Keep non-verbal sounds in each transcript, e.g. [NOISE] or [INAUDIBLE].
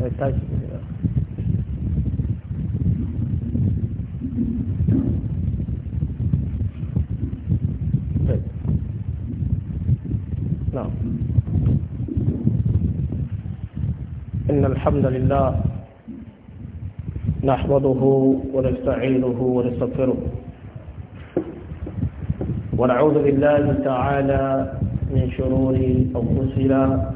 نعم إن الحمد لله نحمده ونستعينه ونستغفره ونعوذ بالله تعالى من شرور أنفسنا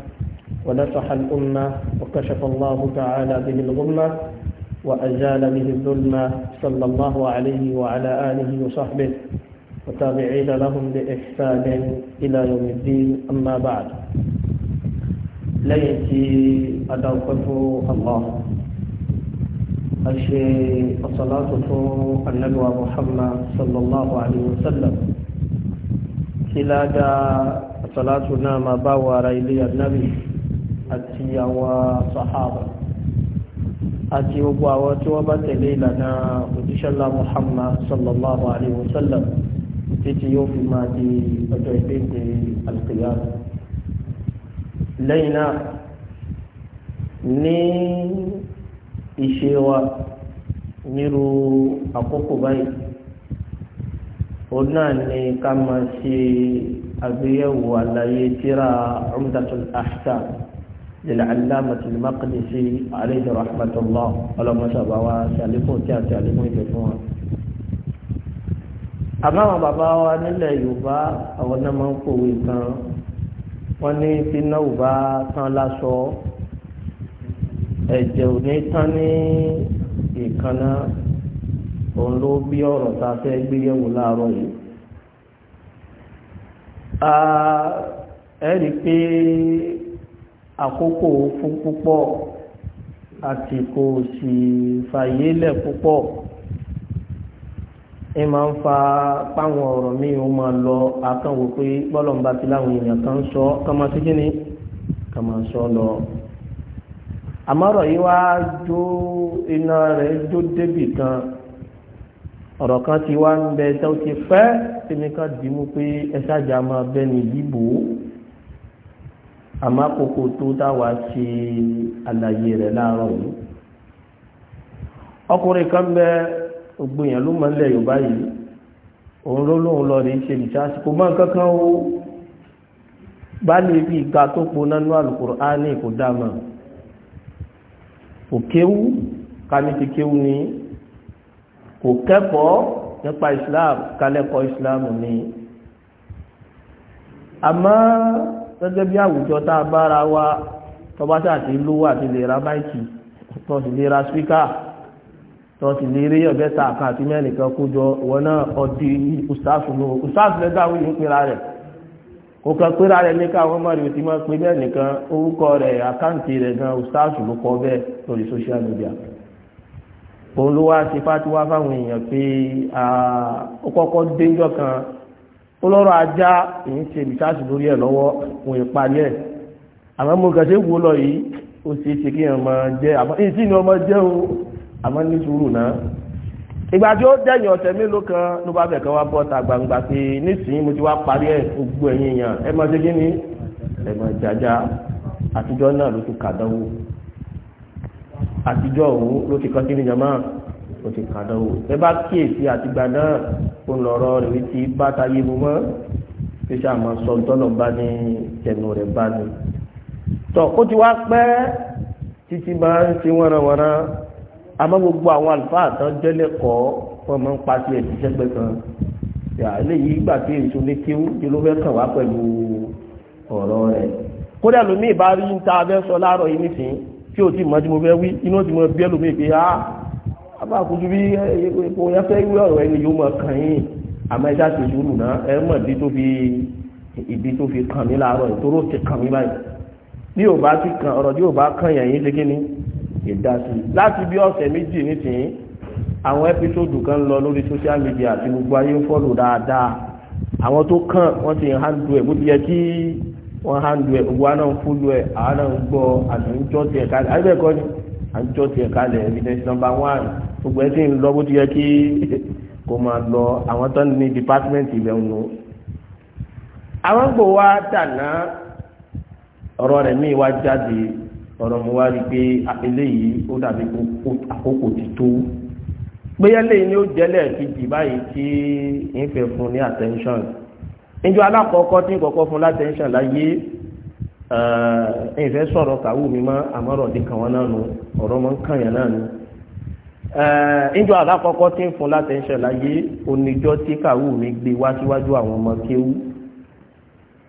ونصح الأمة وكشف الله تعالى به الغمة وأزال به الظلمة صلى الله عليه وعلى آله وصحبه وتابعين لهم بإحسان إلى يوم الدين أما بعد ليتي أدوقف الله أشي الصلاة النبوة محمد صلى الله عليه وسلم كلا صلاتنا ما باوى إلي النبي àti àwọn sahaba àti gbogbo àwọn tí wọ́n bá tẹ̀lé ìlànà òjíṣẹ́lá Muhammad sallallahu alayhi wa sallam títí yóò fi máa di ọjọ́ ìgbéǹde alqiyama lẹ́yìn náà ní ìṣe wa nírú àkókò báyìí òun náà ni ká máa ṣe àgbéyẹ̀wò àlàyé tíra Umdatul Ahkam. للعلامة المقدسي عليه رحمة الله اللهم صل وسلم وسلم وسلم àmọ́ àwọn bàbá wa nílẹ̀ yorùbá àwọn náà máa ń kòwé kan wọ́n ní tíná ò bá tán láṣọ ẹ̀jẹ̀ ò ní tán ní ìkànnà òun ló bí ọ̀rọ̀ tá a fẹ́ gbé yẹ̀wò láàárọ̀ yìí. ẹ rí i pé àkókò fún púpọ̀ àti kò sì fàyè lẹ̀ púpọ̀ ẹ máa ń fa páwọn ọ̀rọ̀ míì ó máa lọ akánwò pé bọ́lọ̀mbà ti láwọn èèyàn kan sọ kán máa tún kíni kán máa sọ lọ. àmọ́rọ̀ yìí wá jó iná rẹ̀ jó débì kan ọ̀rọ̀ kan ti wá ń bẹ tó ti pẹ́ tèmi kan dì í mú pé ẹ ṣáàjà máa bẹ ní ìdìbò àmọ́ àkókò tó dáwà ṣe àlàyé rẹ̀ láàárọ̀ yìí ọkùnrin kan bẹ gbogbo èèyàn ló mọ̀lẹ́ yorùbá yìí òun ló lóun lọ rí ṣe ìṣáṣì kò mọ́ nǹkan kan ó bá lè fi ìka tó poná ní Al-Qur'ani kò dámà kò kéwú kání ti kéwú ni kò kẹ́kọ̀ọ́ nípa Islam kálẹ́kọ̀ọ́ Islam ni àmọ́ gẹ́gẹ́ bí àwùjọ tá a bára wa tọba tí àti lówó àti lè ra báìkì tó sì lè ra spíkà tó sì lè rí ọ̀bẹ ta àkà àti mẹ́rin kan kó jọ ìwọ náà ọdí ustaafu lọ ustaafu lẹ́gbẹ́ àwọn èèyàn pera rẹ̀ kò kàn pera rẹ̀ ní káwọn mọ̀rẹ̀ òtí máa pe bẹ́ẹ̀ orúkọ rẹ̀ àkáǹtì rẹ̀ gan ustaafu ló kọ bẹ́ẹ̀ lórí social media òun ló wá ṣe fátiwá fáwọn èèyàn pé ó kọ́kọ́ déjọ́ kan olóró ajá èyí ṣe ìbísáàsì lórí ẹ̀ lọ́wọ́ òun ìparí ẹ̀ àmọ́ mo kàn ṣe wò lọ yìí ó ṣe ṣe kí ọmọ jẹ́ àmọ́ èyí tí ni ọmọ jẹ́ o àmọ́ ní sùúrù náà ìgbà tí ó dẹ̀yìn ọ̀sẹ̀ mélòó kan ló bá fẹ̀kẹ́ wá bọ́ta gbangba pé nísìnyí mo ti wá parí ẹ̀ gbogbo ẹ̀yìn èèyàn ẹ máa ṣe kí ni ẹ máa jájá àtijọ́ náà ló ti kàdánwò àtijọ́ òun ló ti kọ́ sí ní jama o ti kàn dánwò ẹ bá kíyèsí àtìgbà náà ó lọ́rọ́ rẹ̀ wí ti bàtà yé mu mọ́ fíṣà àmọ́ sọ tọ́lọ̀ bá ní tẹnu rẹ̀ bá ní. tọ́ ó ti wá pẹ́ títí máa ń ṣe wọ́nrawọ́nra àmọ́ gbogbo àwọn àlùfáà tán jẹ́lẹ̀kọ́ wọ́n máa ń pàṣẹ ìṣẹ́gbẹ́ kan eléyìí gbà tí èso lé kéwú tí ló fẹ́ kàn wá pẹ̀lú ọ̀rọ̀ rẹ̀ kódà lómi ìbá rí ń ta abẹ́ sọ láàárọ̀ yìí nísìnyí tí ò ti mọ̀ tí mo fẹ́ wí inú ti mọ̀ bí ẹlòmíì pé á àbá àkójú bí epo yẹn fẹ́ wí ọ̀rọ̀ ẹni yóò mọ̀ kàn yín àmọ́ ẹ ṣáà ti sùúrù náà ẹ mọ̀ ìdí tó fi ìdí tó fi kàn mí láàárọ̀ ìtòrò ti kàn mí báyìí bí ò bá ti kàn ọ̀rọ̀ tí ò bá kàn yẹn ṣe kí ni ìdásí láti bí ọ̀sẹ̀ méjì nísìnyí àwọn ẹ́písòdù kan lọ lórí social media àti gbogbo ayé ń fọ́lù dáadáa àwọn tó kàn wọ́n ti handle ẹ̀ bó ti yẹ kí wọ́n handle ẹ̀ gbogbo àná ń fúlù ẹ̀ àná ń gbọ́ àdúgbò tẹ̀ káàdì àyẹ̀bẹ̀ ni à ń jọ́ tiẹ̀ kalẹ̀ evidence number one gbogbo ẹ̀ sì ń lọ bó ti yẹ kí [LAUGHS] kò máa lọ àwọn tó ní department ibẹ̀ ń lò. àwọn gbò wá dànà ọ̀rọ̀ rẹ̀ mí wá jáde ọ̀rọ̀ mi wá rí i pé ah, eléyìí ó dàbí àkókò ti tó gbéyẹ́lẹ̀ ni ó jẹ́lẹ̀ kejì báyìí tí ń fẹ́ fún ní attention níjọ́ alákọ̀ọ́kọ́ tí ń kọ́kọ́ fún látẹ́ńṣàn láyé ẹ̀yìn fẹ́ sọ̀rọ̀ kàwù mi mọ́ àmọ́rọ̀ dé kàn wọ́n náà nù ọ̀rọ̀ mọ́ ń kàyàn náà nù. ìjọ àlákọ́kọ́ tí ń fún láti ń ṣàlàyé oníjọ́ tí kàwù mi gbé wá síwájú àwọn ọmọ kéwú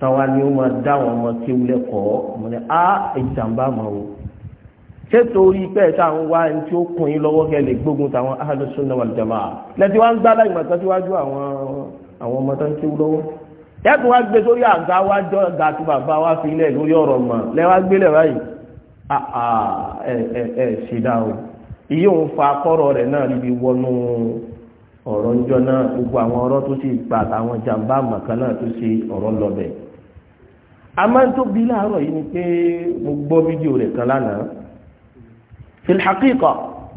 táwa ni ó máa dá àwọn ọmọ kéwú lẹ́kọ̀ọ́ mo ní á ìjàmbá mọ́ o. ṣé torí pé ẹ̀ta ń wá ẹni tí ó kún yín lọ́wọ́ kẹ́ lè gbógun táwọn Ahlus Sunnah wal yàtọ̀ wá gbé sórí àga wá jọ ga bàbá wá fi ilẹ̀ lórí ọ̀rọ̀ mọ̀ lẹ́wà gbélẹ̀ báyìí ah, ah, ẹ ẹ ẹ ṣìdá o iye òun fa kọ́rọ̀ rẹ̀ náà níbi wọnú ọ̀rọ̀ ńjọ náà gbogbo àwọn ọ̀rọ̀ tó sì gbà àtàwọn jàǹbá àmọ̀kan náà tó ṣe ọ̀rọ̀ lọ́bẹ̀. a máa ń tó bí láàárọ̀ yìí ni pé mo gbọ́ fídíò rẹ̀ kan lánàá fil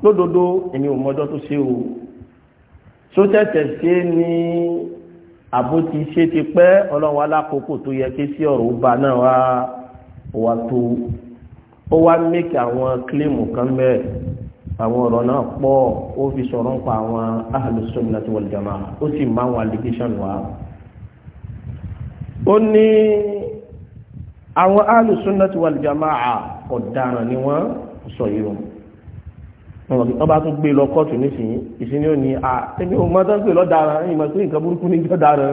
lódodo èmi ò mọjọ́ tó ṣe o sótẹ́tẹ̀ ṣe ní àbó ti ṣe ti pẹ́ ọlọ́wọ́ alákòókò tó yẹ ké sí ọ̀rọ̀ ọba náà wá wà tó ó wá mẹ́kì àwọn kílíìmù kan bẹ́ẹ̀ àwọn ọ̀rọ̀ náà pọ̀ ó fi sọ̀rọ̀ ń pa àwọn ahlus sunnati wal jamaa ó sì má àwọn allegation wá. ó ní àwọn ahlus sunnati wal jamaa ọ̀daràn ni wọ́n sọ yìí wọn wọ́n bá tún gbé lọ kóòtù nísìnyí ìsinyìí ò ní à tẹ́bí o mọ́tọ́ gbé lọ́dára ẹ̀yìn mọ́ sí nǹkan burúkú ní ìjọ́dára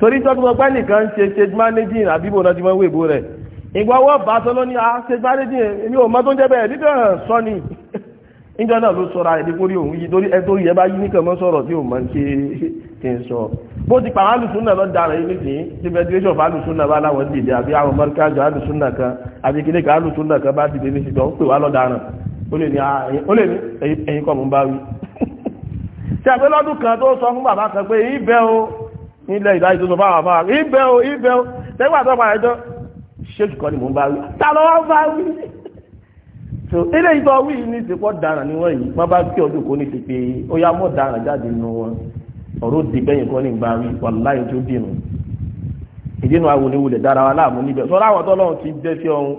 torí tọ́tù ọgbẹ́ nìkan ṣe stage managing àbíbò náà ti mọ́ wèbó rẹ̀ ìgbà wọ́n bá sọ lọ́ní à stage managing èmi ò mọ́ tó ń jẹ́ bẹ́ẹ̀ nígbà sọ ni [LAUGHS] ìjọ náà ló sọra ẹ̀ nítorí òun yìí torí ẹ torí ẹ bá yí nìkan mọ́ sọ̀rọ̀ tí ò mọ́ ṣe ti [LAUGHS] ń sọ bó ti pàwọn alùsùn náà lọ́dára yìí nìsín tí federation of alùsùn náà bá láwọn dìde àbí àwọn mọ́ríkájọ alùsùn náà kan àbí kíníkà ó lè ní ah, ẹ̀yìn kọ́ mú bá wí tí [LAUGHS] a pé lọ́dún kan tó sọ fún bàbá kan pé ibẹ̀ o nílẹ̀ ìdájí tó sọ fún àwọn afárá ibẹ̀ o ibẹ̀ o tẹ́gbà tó ẹjọ́ ṣéèkì ni mò ń bá wí ta lọ́wọ́ bá wí [LAUGHS] so ilé ìtọ́ wí ní ti pọ́ dáràn ní wọ́n yìí wọ́n bá kí ọdún kò ní ti pé ó yá mọ́ dáràn jáde nù wọn ọ̀rọ̀ di bẹ́yìn kan ní ìdínú awoniwulẹ̀ dára wa láàmú níbẹ̀ sọ láwọn ti jẹ́ sí ọ̀hún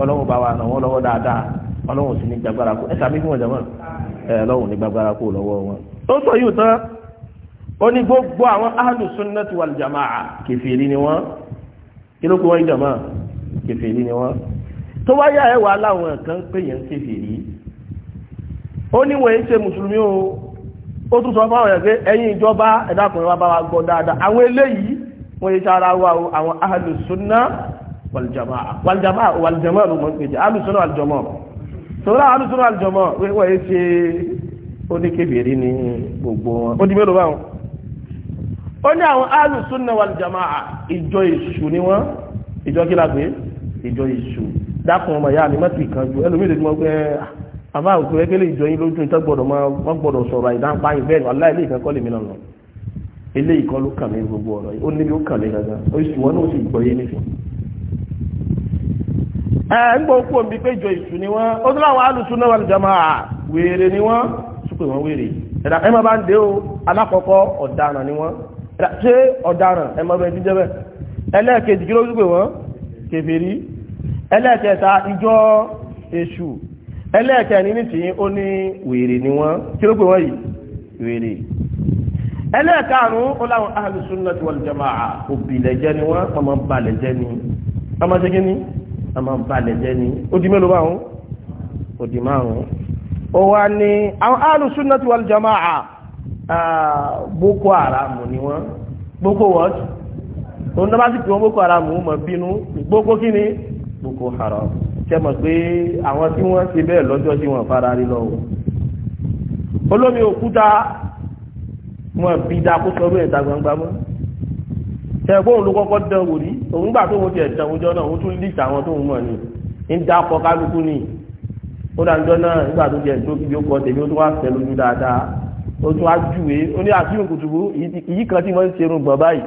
ọlọ́run bá wa nà wọ́n lọ́wọ́ dáadáa ọlọ́run sì ní gbàgbára kó ẹ̀sà mi fún ọjà mọ́ ọlọ́run ní gbàgbára kó lọ́wọ́ wọn. ó sọ yìí tán ó ní gbogbo àwọn ahlu sunnati wal jamaa kèfèrí ni wọ́n kí ló kó wọ́n jàmá kèfèrí ni wọ́n tó wá yá ẹwà láwọn kan pé yẹn kèfèrí ó ní wọ́n yìí ṣe mùsùlùmí o ó tún sọ fáwọn yẹn pé ẹ̀yin ìjọba ẹ̀dàkùnrin wa bá wa gbọ́ dáadáa àwọn eléyìí wọ́n yìí sára wa o àwọn ahlu sunna wal jamaa wal ló mọ̀ ń pè jẹ́ sunna wal jamaa sọ́rọ́ àwọn alùsùn àlùjọmọ́ wíwọ́ yìí ṣe oníkébìrì ní gbogbo wọn ó di mélòó báwọn ó ní àwọn alùsùn náà wàlùjọmọ́ ìjọ èṣù ni wọn ìjọ kí la gbé ìjọ èṣù dákun ọmọ ìyá mi mọ́tì kan ju ẹlòmíì lèmi ọgbẹ́ àbá òkú ẹgbẹ́lẹ́ ìjọ yín lójú ìtọ́ gbọ́dọ̀ wọn gbọ́dọ̀ sọ̀rọ̀ ìdáǹpá yín bẹ́ẹ̀ ni aláìlé ìkankọ́ lèmi náà lọ eléyìí kan ló kàn mí gbogbo ọ̀rọ̀ yìí ó níbi ó kàn mí gangan ó sì wọn ẹ ń gbọ́ kó omi pé ìjọ ìṣù ni wọ́n ó tún láwọn alùsùn náà wà lùjọmọ́ à wèrè ni wọ́n súpè wọ́n wèrè ẹ̀dá ẹ bá ń dé o alákọ̀ọ́kọ́ ọ̀daràn ni wọ́n ẹ̀dá ṣé ọ̀daràn ẹ má bẹ́ẹ̀ jíjẹ́ bẹ́ẹ̀ ẹlẹ́ẹ̀kejì kí ló súpè wọ́n kèfèrí ẹlẹ́ẹ̀kẹta ìjọ èṣù ẹlẹ́ẹ̀kẹrin ni wọ́n kí ló pè wọ́n yìí wèrè ẹlẹ́ẹ̀karùn-ún ó láwọn alùsùn náà ti wà lùjọmọ́ ni wọ́n a máa ń balẹ̀ jẹ́ ni ó di mélòó báwọn ó di márùn-ún ó wá ní àwọn alùsùnàtì wal jamaa boko haram ni wọ́n boko what òun náà bá sì pé wọ́n boko haram mọ̀ bínú boko kí boko haram ṣe mọ̀ pé àwọn tí wọ́n ṣe bẹ́ẹ̀ lọ́jọ́ tí wọ́n fara rí lọ́wọ́ olómi òkúta wọn bí dákúsọ bẹ́ẹ̀ ta gbangba mọ́ tẹ̀gbọ́n ló kọ́kọ́ dán wò rí òun gbà tó wọ́n ti ẹ̀dán òjọ́ náà òun tún líìtì àwọn tó ń mọ̀ ni ń dá ọkọ̀ kálukú ni ó dájọ́ náà nígbà tó ti ẹ̀dán kíbi ó kọ́ tèmi ó tún wá fẹ́ lójú dáadáa ó tún wá júwe ó ní àfihàn kùtùkù ìyí kan tí wọ́n ń serun gbọ̀n báyìí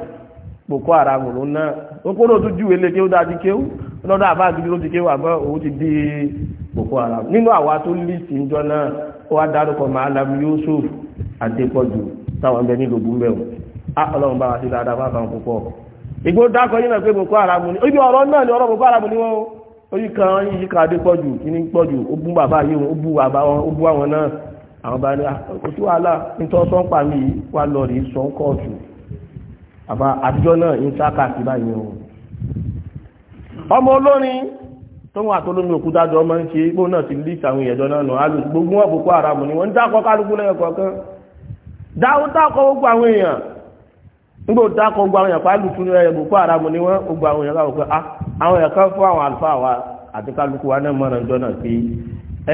kòkó ara mòrún náà ó kó ló tún júwe léke ó dá ti kéwú lọ́dọ̀ àbá àti ló ti kéwú àbọ̀ òun ti di kòkó ara nínú àwa tó líìtì ń jọ náà ó wá dárúkọ màálàm Yusuf àdépọ̀jù táwọn ẹgbẹ́ nílò búmbẹ̀ wọn. Ah, ọlọ́run bá wa sí dáadáa fún àbáwọn púpọ̀ ìgbó dákọ̀ yìí náà pé boko haram ni ibi ọ̀rọ̀ náà ni ọ̀rọ̀ boko haram ni wọ́n orí kan yìí ká dé pọ̀jù kí ní pọ̀jù ó bú bàbá yìí wọn ó bú bàbá wọn ó bú àwọn náà àwọn bá ní oṣù ah, wàhálà nítorí sọ́n pa mí wà lọ rí sọ́n kóòtù àbá àtijọ́ náà ń sáka sí báyìí o ọmọ olórin tó wọn àtolómi òkúta jọ máa ń ṣe ipò náà ti lé ìsàwọn ìyẹ̀jọ náà nù alù gbogbo wọn boko haram ni wọn ń kálukú lẹ́yìn kọ̀ọ̀kan dáwọ́ gbogbo àwọn èèyàn nígbà tó dákọ̀ gbogbo àwọn èèyàn pa ní ẹ̀yẹ̀ eh, boko haram ni wọ́n gbogbo àwọn èèyàn káwọn pé ah àwọn èèyàn fún àwọn àlùfáà wa àti kálukú wa náà mọ̀ràn jọ náà pé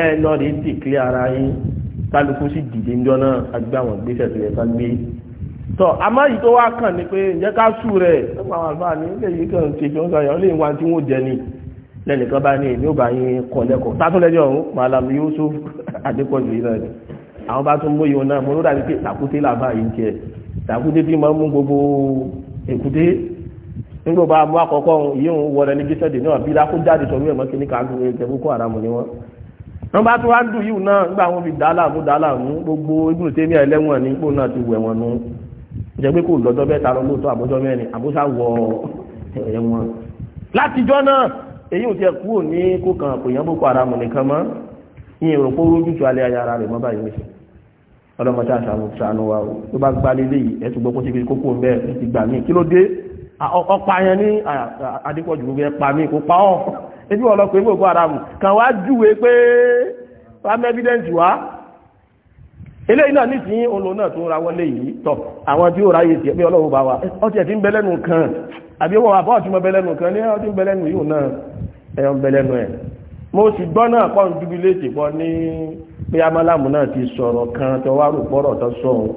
ẹ lọ rí ti kílé ara yín kálukú sì dìde jọ náà àgbé àwọn ìgbésẹ̀ tó yẹ ká gbé. tọ́ àmọ́ yìí tó wá kàn ni pé ǹjẹ́ ká sù rẹ̀ nípa àwọn àlùfáà ní ilé yìí kàn ṣe fi ń sọ ni lẹ́nìkan bá ní èmi Yusuf Adépọ̀jù yìí náà ni àwọn bá tún mú yìí náà tàkúté tí máa ń mú gbogbo èkúté nígbà bá mú àkọ́kọ́ yìí ń wọlé ní gíṣẹ́dì náà bí lákún jáde sọ wíwẹ̀ mọ́kí ní káàkiri ẹ̀jẹ̀ boko haram ni wọ́n. wọ́n bá tún wá ń dùn yìí náà nígbà wọn fi dá láàmú dá láàmú gbogbo ibùdó tèmi ẹlẹ́wọ̀n ní ipò náà ti wẹ̀ wọn nù. jẹ́ pé kò lọ́jọ́ bẹ́ẹ̀ ta lọ lóòótọ́ àbójọ́ mẹ́rin àbóṣà wọ ẹ̀wọ̀n. látijọ́ náà èyí ò tiẹ̀ kúrò ní kó kan àpòyàn boko haram nìkan mọ́ ọlọ́mọdé àtàwọn ìṣàánú wa o tó bá gbá lélẹ̀ yìí ẹ̀tù gbọ́ kó ti fi kókó ń bẹ́ ẹ̀ ti gbà mí kí ló dé ọpa yẹn ní adépọ̀jù gbogbo ẹ̀ pa mí kó pa ọ́ [LAUGHS] ebi wọn lọ pé gbogbo ara mu kàn wá júwe pé fam evidence wa eléyìí náà nísìnyí olóò náà tó ra wọlé yìí tọ àwọn tí ó ráyè tiẹ̀ pé ọlọ́run bá wa ọtí ẹ̀ ti ń bẹ lẹ́nu kan àbí wọn wà bọ́ọ̀ tí bẹ lẹ́nu kan ní ọtí ń bẹ lẹ́nu yìí náà ẹ̀ ń bẹ lẹ́nu ẹ̀ mo sì gbọ́ náà pọ́n jubilé ti pọ́ ní pé amálàmù náà ti sọ̀rọ̀ kan tó wá rò pọ́rọ̀ tó sọ ọ́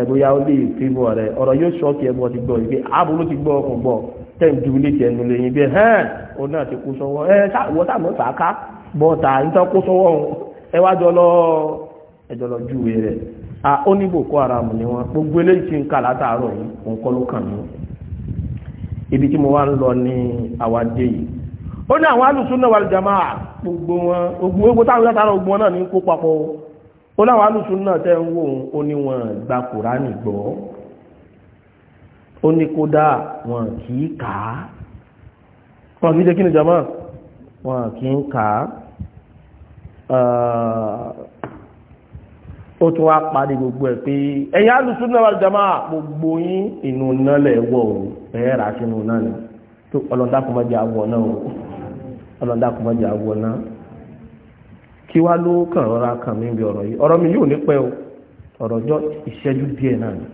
ẹ̀bóyá ó lè fíbọ̀ rẹ̀ ọ̀rọ̀ yóò sọ kí ẹbọ ti gbọ́ yìí pé àbúrò ti gbọ́ ọkùn gbọ́ tẹ̀ǹdù lè jẹnu lẹ́yìn bí ẹ̀hẹ́n ó náà ti kó sọ́wọ́ ẹ wọ́n sàmọ́ sàká bọ́ta níta kó sọ́wọ́ ẹ wá jọ lọ ẹjọ́ lọ júwe rẹ̀ a ó ní boko haram ni wọn gbogbo eléyìí ti ń kà látàárọ̀ yìí òǹkọ́ ló kàn mí ibi tí mo wá ń lọ ní àwàdé yìí ó ní àwọn alùsùn náà wà lùjàmá gbogbo wọn ogun ogun táwọn látara ogun wọn náà ní kó papọ̀ ó láwọn alùsùn náà tẹ́ ń wò ó ní wọn gba kùránì gbọ́ ó ní kódà wọn kì í kà á wọn kì í jẹ́ kí ni jàmá wọn kì í kà á ó tún wá parí gbogbo ẹ̀ pé ẹ̀yà alùsùn náà wà lùjàmá gbogbo yín inú nálẹ̀ wọ̀ ẹ̀ẹ́rà sínú náà tó ọlọ́dá kò má náà o ọlọ́dà kò mọ̀jà wọná kí wá ló kàn rọra kàn mí bí ọ̀rọ̀ yìí ọ̀rọ̀ mi yóò ní pẹ́ o ọ̀rọ̀ jọ ìṣẹ́jú díẹ̀ náà ni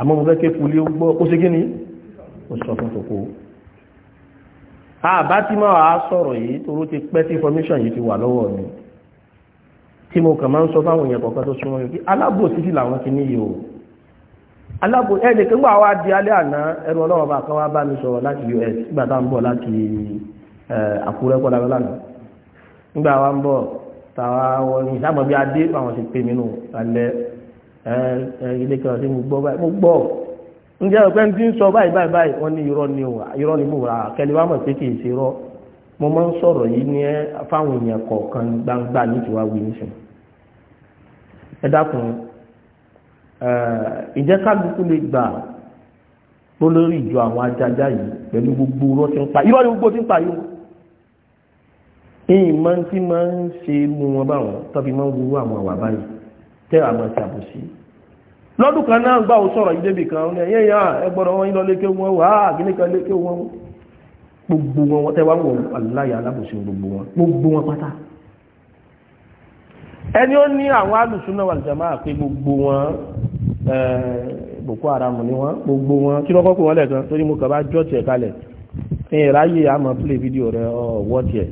àmọ́ mo fẹ́ ké fúlé ó gbọ́ ó ṣe kí ni ó sọ fún tòkó àbá tí máa wàá sọ̀rọ̀ yìí toró ti pẹ́ tí information yìí ti wà lọ́wọ́ mi tí mo kàn máa ń sọ fáwọn èèyàn kọ̀ọ̀kan tó súnmọ́ yìí alábò títí làwọn ti níyì o alábò ẹnì kan gbà wá di alẹ́ àná ẹnu ọlọ́wọ́ bá kan wá bá mi sọ̀rọ̀ láti US nígbà tá à ń bọ̀ láti Eh, àkúrẹ́ kọ́dà lọ́la nù nígbà wa ń bọ̀ tàwa wọ ní sábà bí adé àwọn ti pè mí nù alẹ́ eh, eh, ilé kan sí mo gbọ́ báyìí mo gbọ́ ǹjẹ́ ọ̀pẹ́ ń ti ń sọ báyìí báyìí báyìí wọ́n ní irọ́ ni o irọ́ ni mo rà kẹ́lẹ́ wa mọ̀ pé kì í ṣe irọ́ mo máa ń sọ̀rọ̀ yìí ní fáwọn èèyàn kọ̀ọ̀kan gbangba ní tiwa wí nísìnyí ẹ dákun ìjẹ́ kálukú lè gbà lólórí ìjọ àwọn ajájá yìí pẹ̀lú gbogbo irọ́ tí ń pa irọ́ ni gbogbo tí ń pa yìí ìmọ̀ tí máa ń ṣe mú wọn báwọn tọ́bi máa ń wúrú àwọn àwà báyìí tẹ́ àmọ́ ti àbòsí lọ́dún kan náà gbà ó sọ̀rọ̀ ìdébì kan ní ẹ̀yẹ́ ìyá ẹgbọ́rọ̀ wọn lọ lékè wọn wà á kí nìkan lékè wọn gbogbo wọn wọ́n tẹ́wàá wọn aláyà alábòsí gbogbo wọn gbogbo wọn pátá ẹni ó ní àwọn alùsùnà wal jamaa pé gbogbo wọn Boko Haram ni wọn gbogbo wọn kí lọ́kọ́ pé wọ́n lẹ̀ kan torí mo kàn bá jọ́ tiẹ̀ kalẹ̀ ìráyè àmọ́ play fídíò rẹ̀ ọ̀wọ́ tiẹ̀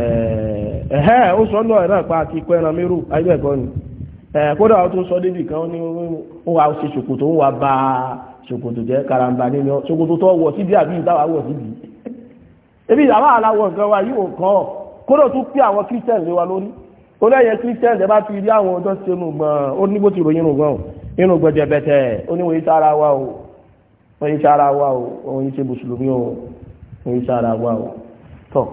ẹ̀hẹ́ ó sọ náà náà pa àti ikọ́ ẹran mérò ayébẹ̀kọ́ ni kódà ó tún sọ débi kan ní ó wà ṣe ṣòkòtò ó wà bá ṣòkòtò jẹ́ karamba nínú ṣòkòtò tó wọ̀ síbi àbí ìdáwà wọ̀ síbi ebi aláwọ̀ nǹkan wa yóò kàn kódà tún pé àwọn christian lé wa lórí ó lẹ́yẹ christian ẹ bá rí àwọn ọjọ́ sí inú gbọ̀n ó ní bó ti ròyìn inú gbọ̀n o wọ́n yí sára wa yí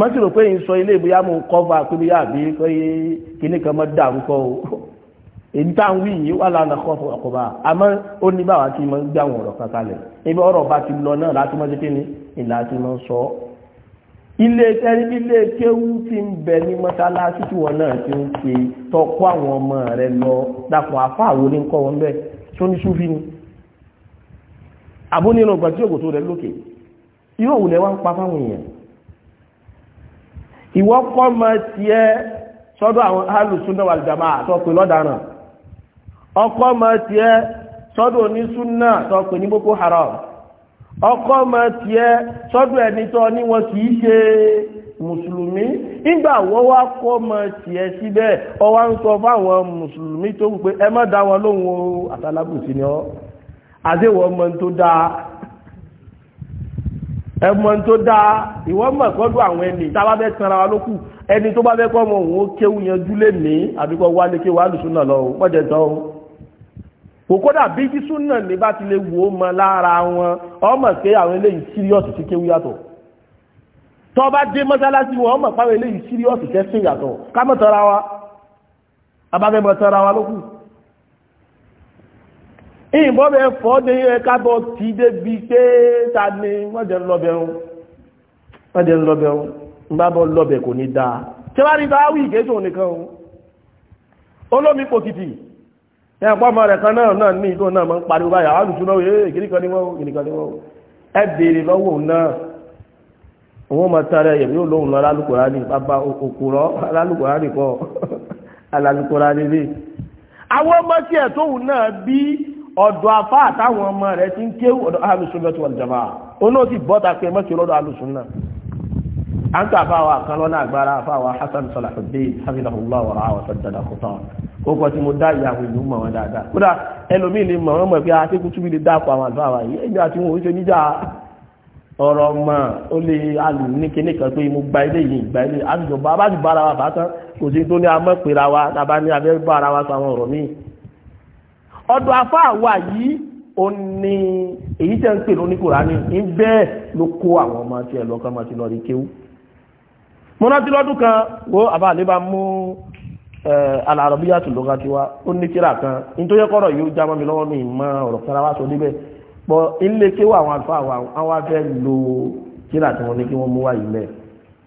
mọ́tò rò pé yìí sọ ilé ìbúyá mú kọ́fà àpébíyá àbí pé kíní kan mọ́ dàrúkọ o èyí tá à ń wí yìí wà lánà kọ́fà ọ̀kọ́bà àmọ́ ó ní báwa tí mo ń gbé àwọn ọ̀rọ̀ kankan lẹ̀ ibi ọ̀rọ̀ bá ti lọ náà láti mọ́tò kíní ìlà tí mo ń sọ ilé ẹni ilé kéwú ti ń bẹ ní mọ́sálásí tí wọn náà ti ń pe tọkọ àwọn ọmọ rẹ lọ dàpọ̀ àfa àwọn oníkọ́ wọn bẹ́ẹ̀ tó ní súfì ni iwọ kọ́ mọ tiẹ̀ sọ́dọ̀ àwọn alùsúnà wal jamaa tó pè lọ́daràn sọ́dọ̀ ní haram ọkọ́ mọ tiẹ̀ sọ́dọ̀ ẹni tó ní wọn kì ṣe mùsùlùmí nígbà wọ́n síbẹ̀ ọwá ń sọ fáwọn mùsùlùmí tó ń pe ẹ má ẹmọ tó dáa ìwọ mọ̀ kọ́dọ̀ àwọn ẹni tá a bá fẹ́ sanra wa lókù ẹni tó bá fẹ́ kọ́ ọmọ òun ó kéwù yanjú lé ní àbíkọ́ wálé kéwù alùsùn náà lọ o wọ́n jẹ tán o kò kódà bí jísù náà ní bá ti lè wò ó mọ lára wọn ọmọ pé àwọn eléyìí síríọ̀sì ti kéwù yàtọ̀ tó bá dé mọ́sálásí wọn ọmọ pàwọn eléyìí síríọ̀sì tẹ́sìn yàtọ̀ ká mọ̀ tọ́ra wa abáfẹ́ mọ̀ tọ́ra wa lókù ìyìnbọn bẹ fọ́ de yẹ kábọ̀ tí débi pé ta ni wọ́n jẹ́ lọ́bẹ̀ o wọ́n lọ́bẹ̀ kò ní dáa tí wọ́n rí bá wí ìgéṣò nìkan o olómi pòkìtì ọmọ rẹ̀ kan náà ní ìtò náà máa ń pariwo báyà wọ́n lùtú náà wọ́n [LAUGHS] àwọn ọmọ ọ̀dọ̀ afá àtàwọn ọmọ rẹ̀ ti ń kéwù ọ̀dọ̀ alùsùnà tó ọ̀dọ̀ máa onáà ti bọ́ ta pé mọ́kì lọ́dọ̀ alùsùnà à ń tà fáwọn kan lọ́nà àgbára fáwọn Hasan Salahuddin hafidahullah wa rahwa sadada kuta ó kọ́ tí mo dá ìyàwó ìlú mọ̀ wọn dáadáa kódà ẹlòmíì lè mọ̀ wọn mọ̀ pé akékùtù lè dápọ̀ àwọn àlùfáà wa yìí ẹgbẹ́ àti wọn ò ṣe níjà ọ̀rọ̀ ọmọ ó lè alù ní kíní kan pé mo gba ilé wa bá tán kò sí tó ní amọ́ pera wa wa sọ ọdọ̀ afáàwà yìí ó ní èyí tẹ́ ń pè lóní kùránì ń bẹ́ẹ̀ ló kó àwọn ọmọ tí ẹ lọ́kàn máa ti lọ rí kéwú mo rántí lọ́dún kan wo àbá àlébá mú alàrọ̀bíyà tó lọ́gá tí wá ó ní kíra kan ní tó yẹ kọ́rọ̀ yóò já mọ́ mi lọ́wọ́ mi mọ́ ọ̀rọ̀ kan wá sọ níbẹ̀ pọ̀ ilé kéwú àwọn afáàwà àwọn afẹ́ lo kíra tí wọ́n ní kí wọ́n mú wá yìí lẹ̀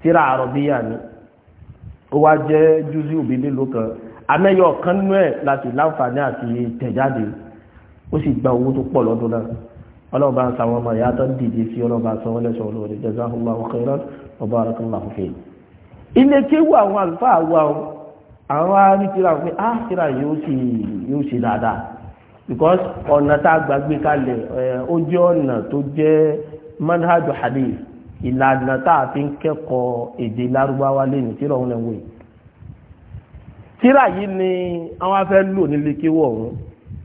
kíra àrọ̀bíyà ni ó wá jẹ́ júzí òbí lílo kan amẹ́yọ kan nú ẹ̀ láti láǹfààní àti tẹ̀jáde ó sì gba owó tó pọ̀ lọ́dún náà ọlọ́ọ̀bá ń sa àwọn ọmọ ìyá tó dìde sí ọlọ́ọ̀bá sọ wọ́n lẹ́sọ̀ olóòrè jazakallahu khairan wa barakallahu fihi ilé kéwú àwọn wa àwọn arítìrà pé á tíra yóò ṣe because ọ̀nà tá a gbàgbé kalẹ̀ ó jẹ́ ọ̀nà tó jẹ́ manhaj hadith ìlànà tá a fi ń tíra yìí ni àwọn afẹ́ lò nílé kíwọ̀ ọ̀hún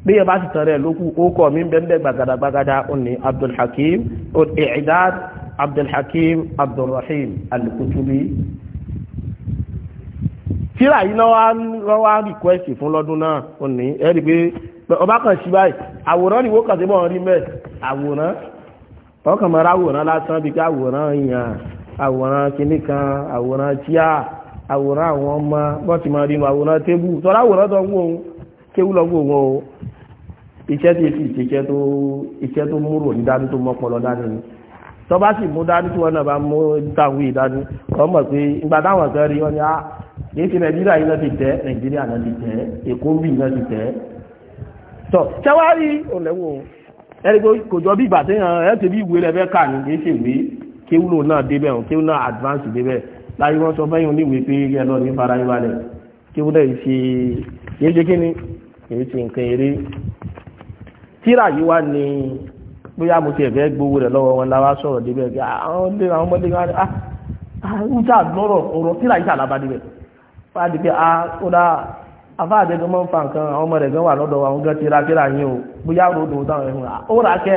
bí ẹ bá ti tọrẹ lókù ókọ mi ń bẹ́ẹ̀ gbàgàdàgbàgàdà òní abdulhakim al-i'dad abdulhakim abdulrahim al-kutubi tíra yìí náà wá rìkwẹ́sì fún lọ́dún náà òní ẹ rí pé ọba kan sí báyìí àwòrán ni wọ́n kàn sí bọ́ọ̀ rí mẹ́ àwòrán ọkàn mọ́ra àwòrán lásán bí ká àwòrán yìnyín àwòrán kìnnìkan àwòrán tíyà àwòrán àwọn ọmọ wọ́n ti máa rínú àwòrán tébù tọ́lá àwòrán tó ń wò ó kéwú lọ́gbò wọn o iṣẹ́ tí èsì ìṣẹ́ṣẹ́ tó iṣẹ́ tó múrò ní dání tó mọ́pọlọ dání ni tó bá sì mú dání tí wọ́n náà bá mú táwọn ìdání wọ́n mọ̀ pé ìgbà táwọn kan rí wọn ni ah kì í ṣe nàìjíríà yìí náà ti tẹ́ nàìjíríà náà ti tẹ́ èkó bì náà ti tẹ́ tọ́ ṣẹ́wárí òǹlẹ́wò ẹni advance débẹ̀ láyé wọ́n sọ bẹ́yìn oníwèé pé ẹ lọ ní fara yín balẹ̀ kí wọ́n dẹ̀ ṣe yé ṣe kíni èyí ti nǹkan eré tíra yìí wá ní bóyá mo ti ẹ̀fẹ́ gbowó rẹ̀ lọ́wọ́ wọn láwá sọ̀rọ̀ débẹ̀ kí ah, àwọn ọmọdé àwọn ọmọdé wá ní ah ń ah, jà lọ́rọ̀ ọ̀rọ̀ tíra yìí ṣàlábà débẹ̀ wá di pé ah kódà afáàdẹ́gbẹ́ máa ń fa nǹkan àwọn ọmọ rẹ̀ gan wà lọ́dọ̀ àwọn gan tíra tíra yín o bóyá ròdò táwọn ẹ̀hún ó rà kẹ́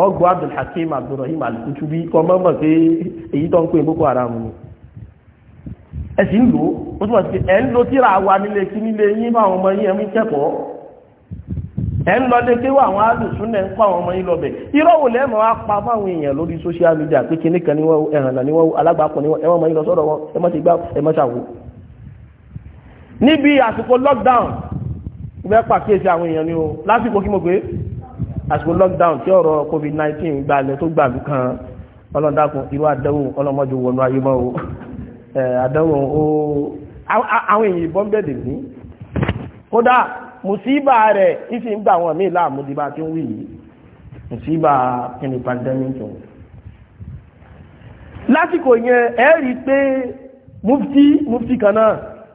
ọgbọ́ abdulhakeem abdulrahim alikutubi kọ mọ́mọ́ pé èyí tó ń pè boko haram ni ẹ sì ń lò ó túnmọ̀ sí ẹ̀ ń lo tíra wa nílé kí nílé yín bá àwọn ọmọ yín ẹ̀mí kẹ́kọ̀ọ́ ẹ̀ ń lọ dé kéwà àwọn alùsùn náà ń kọ́ àwọn ọmọ yín lọ́bẹ̀ irọ́ wò lẹ́mọ̀ wá pa fáwọn èèyàn lórí social media pé kíní kan ní wọ́n ẹ̀hàn náà ní wọ́n alágbàkọ̀ ní wọ́n ẹ̀mọ́ yín lọ sọ́dọ̀ wọn ẹ̀mọ́ ti gbá ẹ̀mọ́ ṣàwò níbi àsìkò lockdown ìgbẹ́ pàkíyèsí àwọn èèyàn ni o lásìkò kí mo pé àsìkò lockdown tí ọ̀rọ̀ covid-19 gbalẹ̀ tó gbàlú kan ọlọ́dàkùn irú àdánwò ọlọ́mọdé wọnú ayé mọ́ o [LAUGHS] àdánwò o àwọn èèyàn ìbọn bẹ̀dẹ̀ ní kódà mùsíbà rẹ̀ ìfì ń gbà wọn míì láàmú di bá ti ń wí yìí mùsíbà kìnnì pandemic o lásìkò yẹn ẹ rí i pé mufti mufti kan náà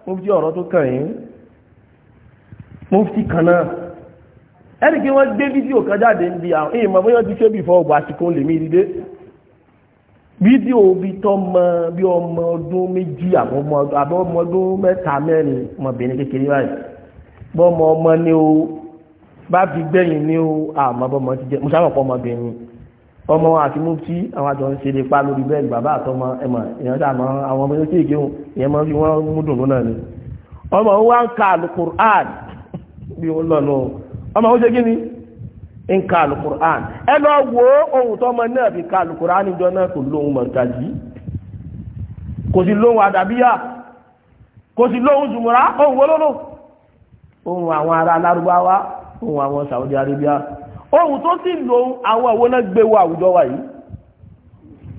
mufti ọ̀rọ̀ tó kàn yín mufti kan náà ẹni kí wọ́n gbé fídíò kan jáde ń bi àwọn èèmọ̀ bóyá ti ṣe bí fọ́ ọgbà àsìkò lè mí ìdílé fídíò bí tọ́mọ bí ọmọ ọdún méjì àbọ̀ ọmọ ọdún mẹ́ta mẹ́rin ọmọbìnrin kékeré báyìí bọ́mọ ọmọ ni o bá fi gbẹ̀yìn ni o àmọ́ bọ́mọ ti jẹ́ mùsàmọ̀ pọ̀ ọmọbìnrin ọmọ àti mufti àwọn àjọ ń ṣe lè pa lórí bẹ́ẹ̀ bàbá àtọmọ ẹ̀mọ̀ ìyẹn sàmọ́ àwọn ọmọ yóò kéèké ìyẹn mọ́ ni ọmọ wa ń ka al ọmọ ó ṣe kí ni nka alukur'an ẹ lọ wo ohun tó ọmọ náà fi ka alukur'an jọ náà kò lóhun mọ̀tàjì kò sí lóhun àdàbíyà kò sí lóhun zùmùrà ohun wọlọ́lọ́ ohun àwọn ará alárúbáwá ohun àwọn Saudi Arabia ohun tó sì lóhun àwọn àwọn náà gbé wọ àwùjọ wa yìí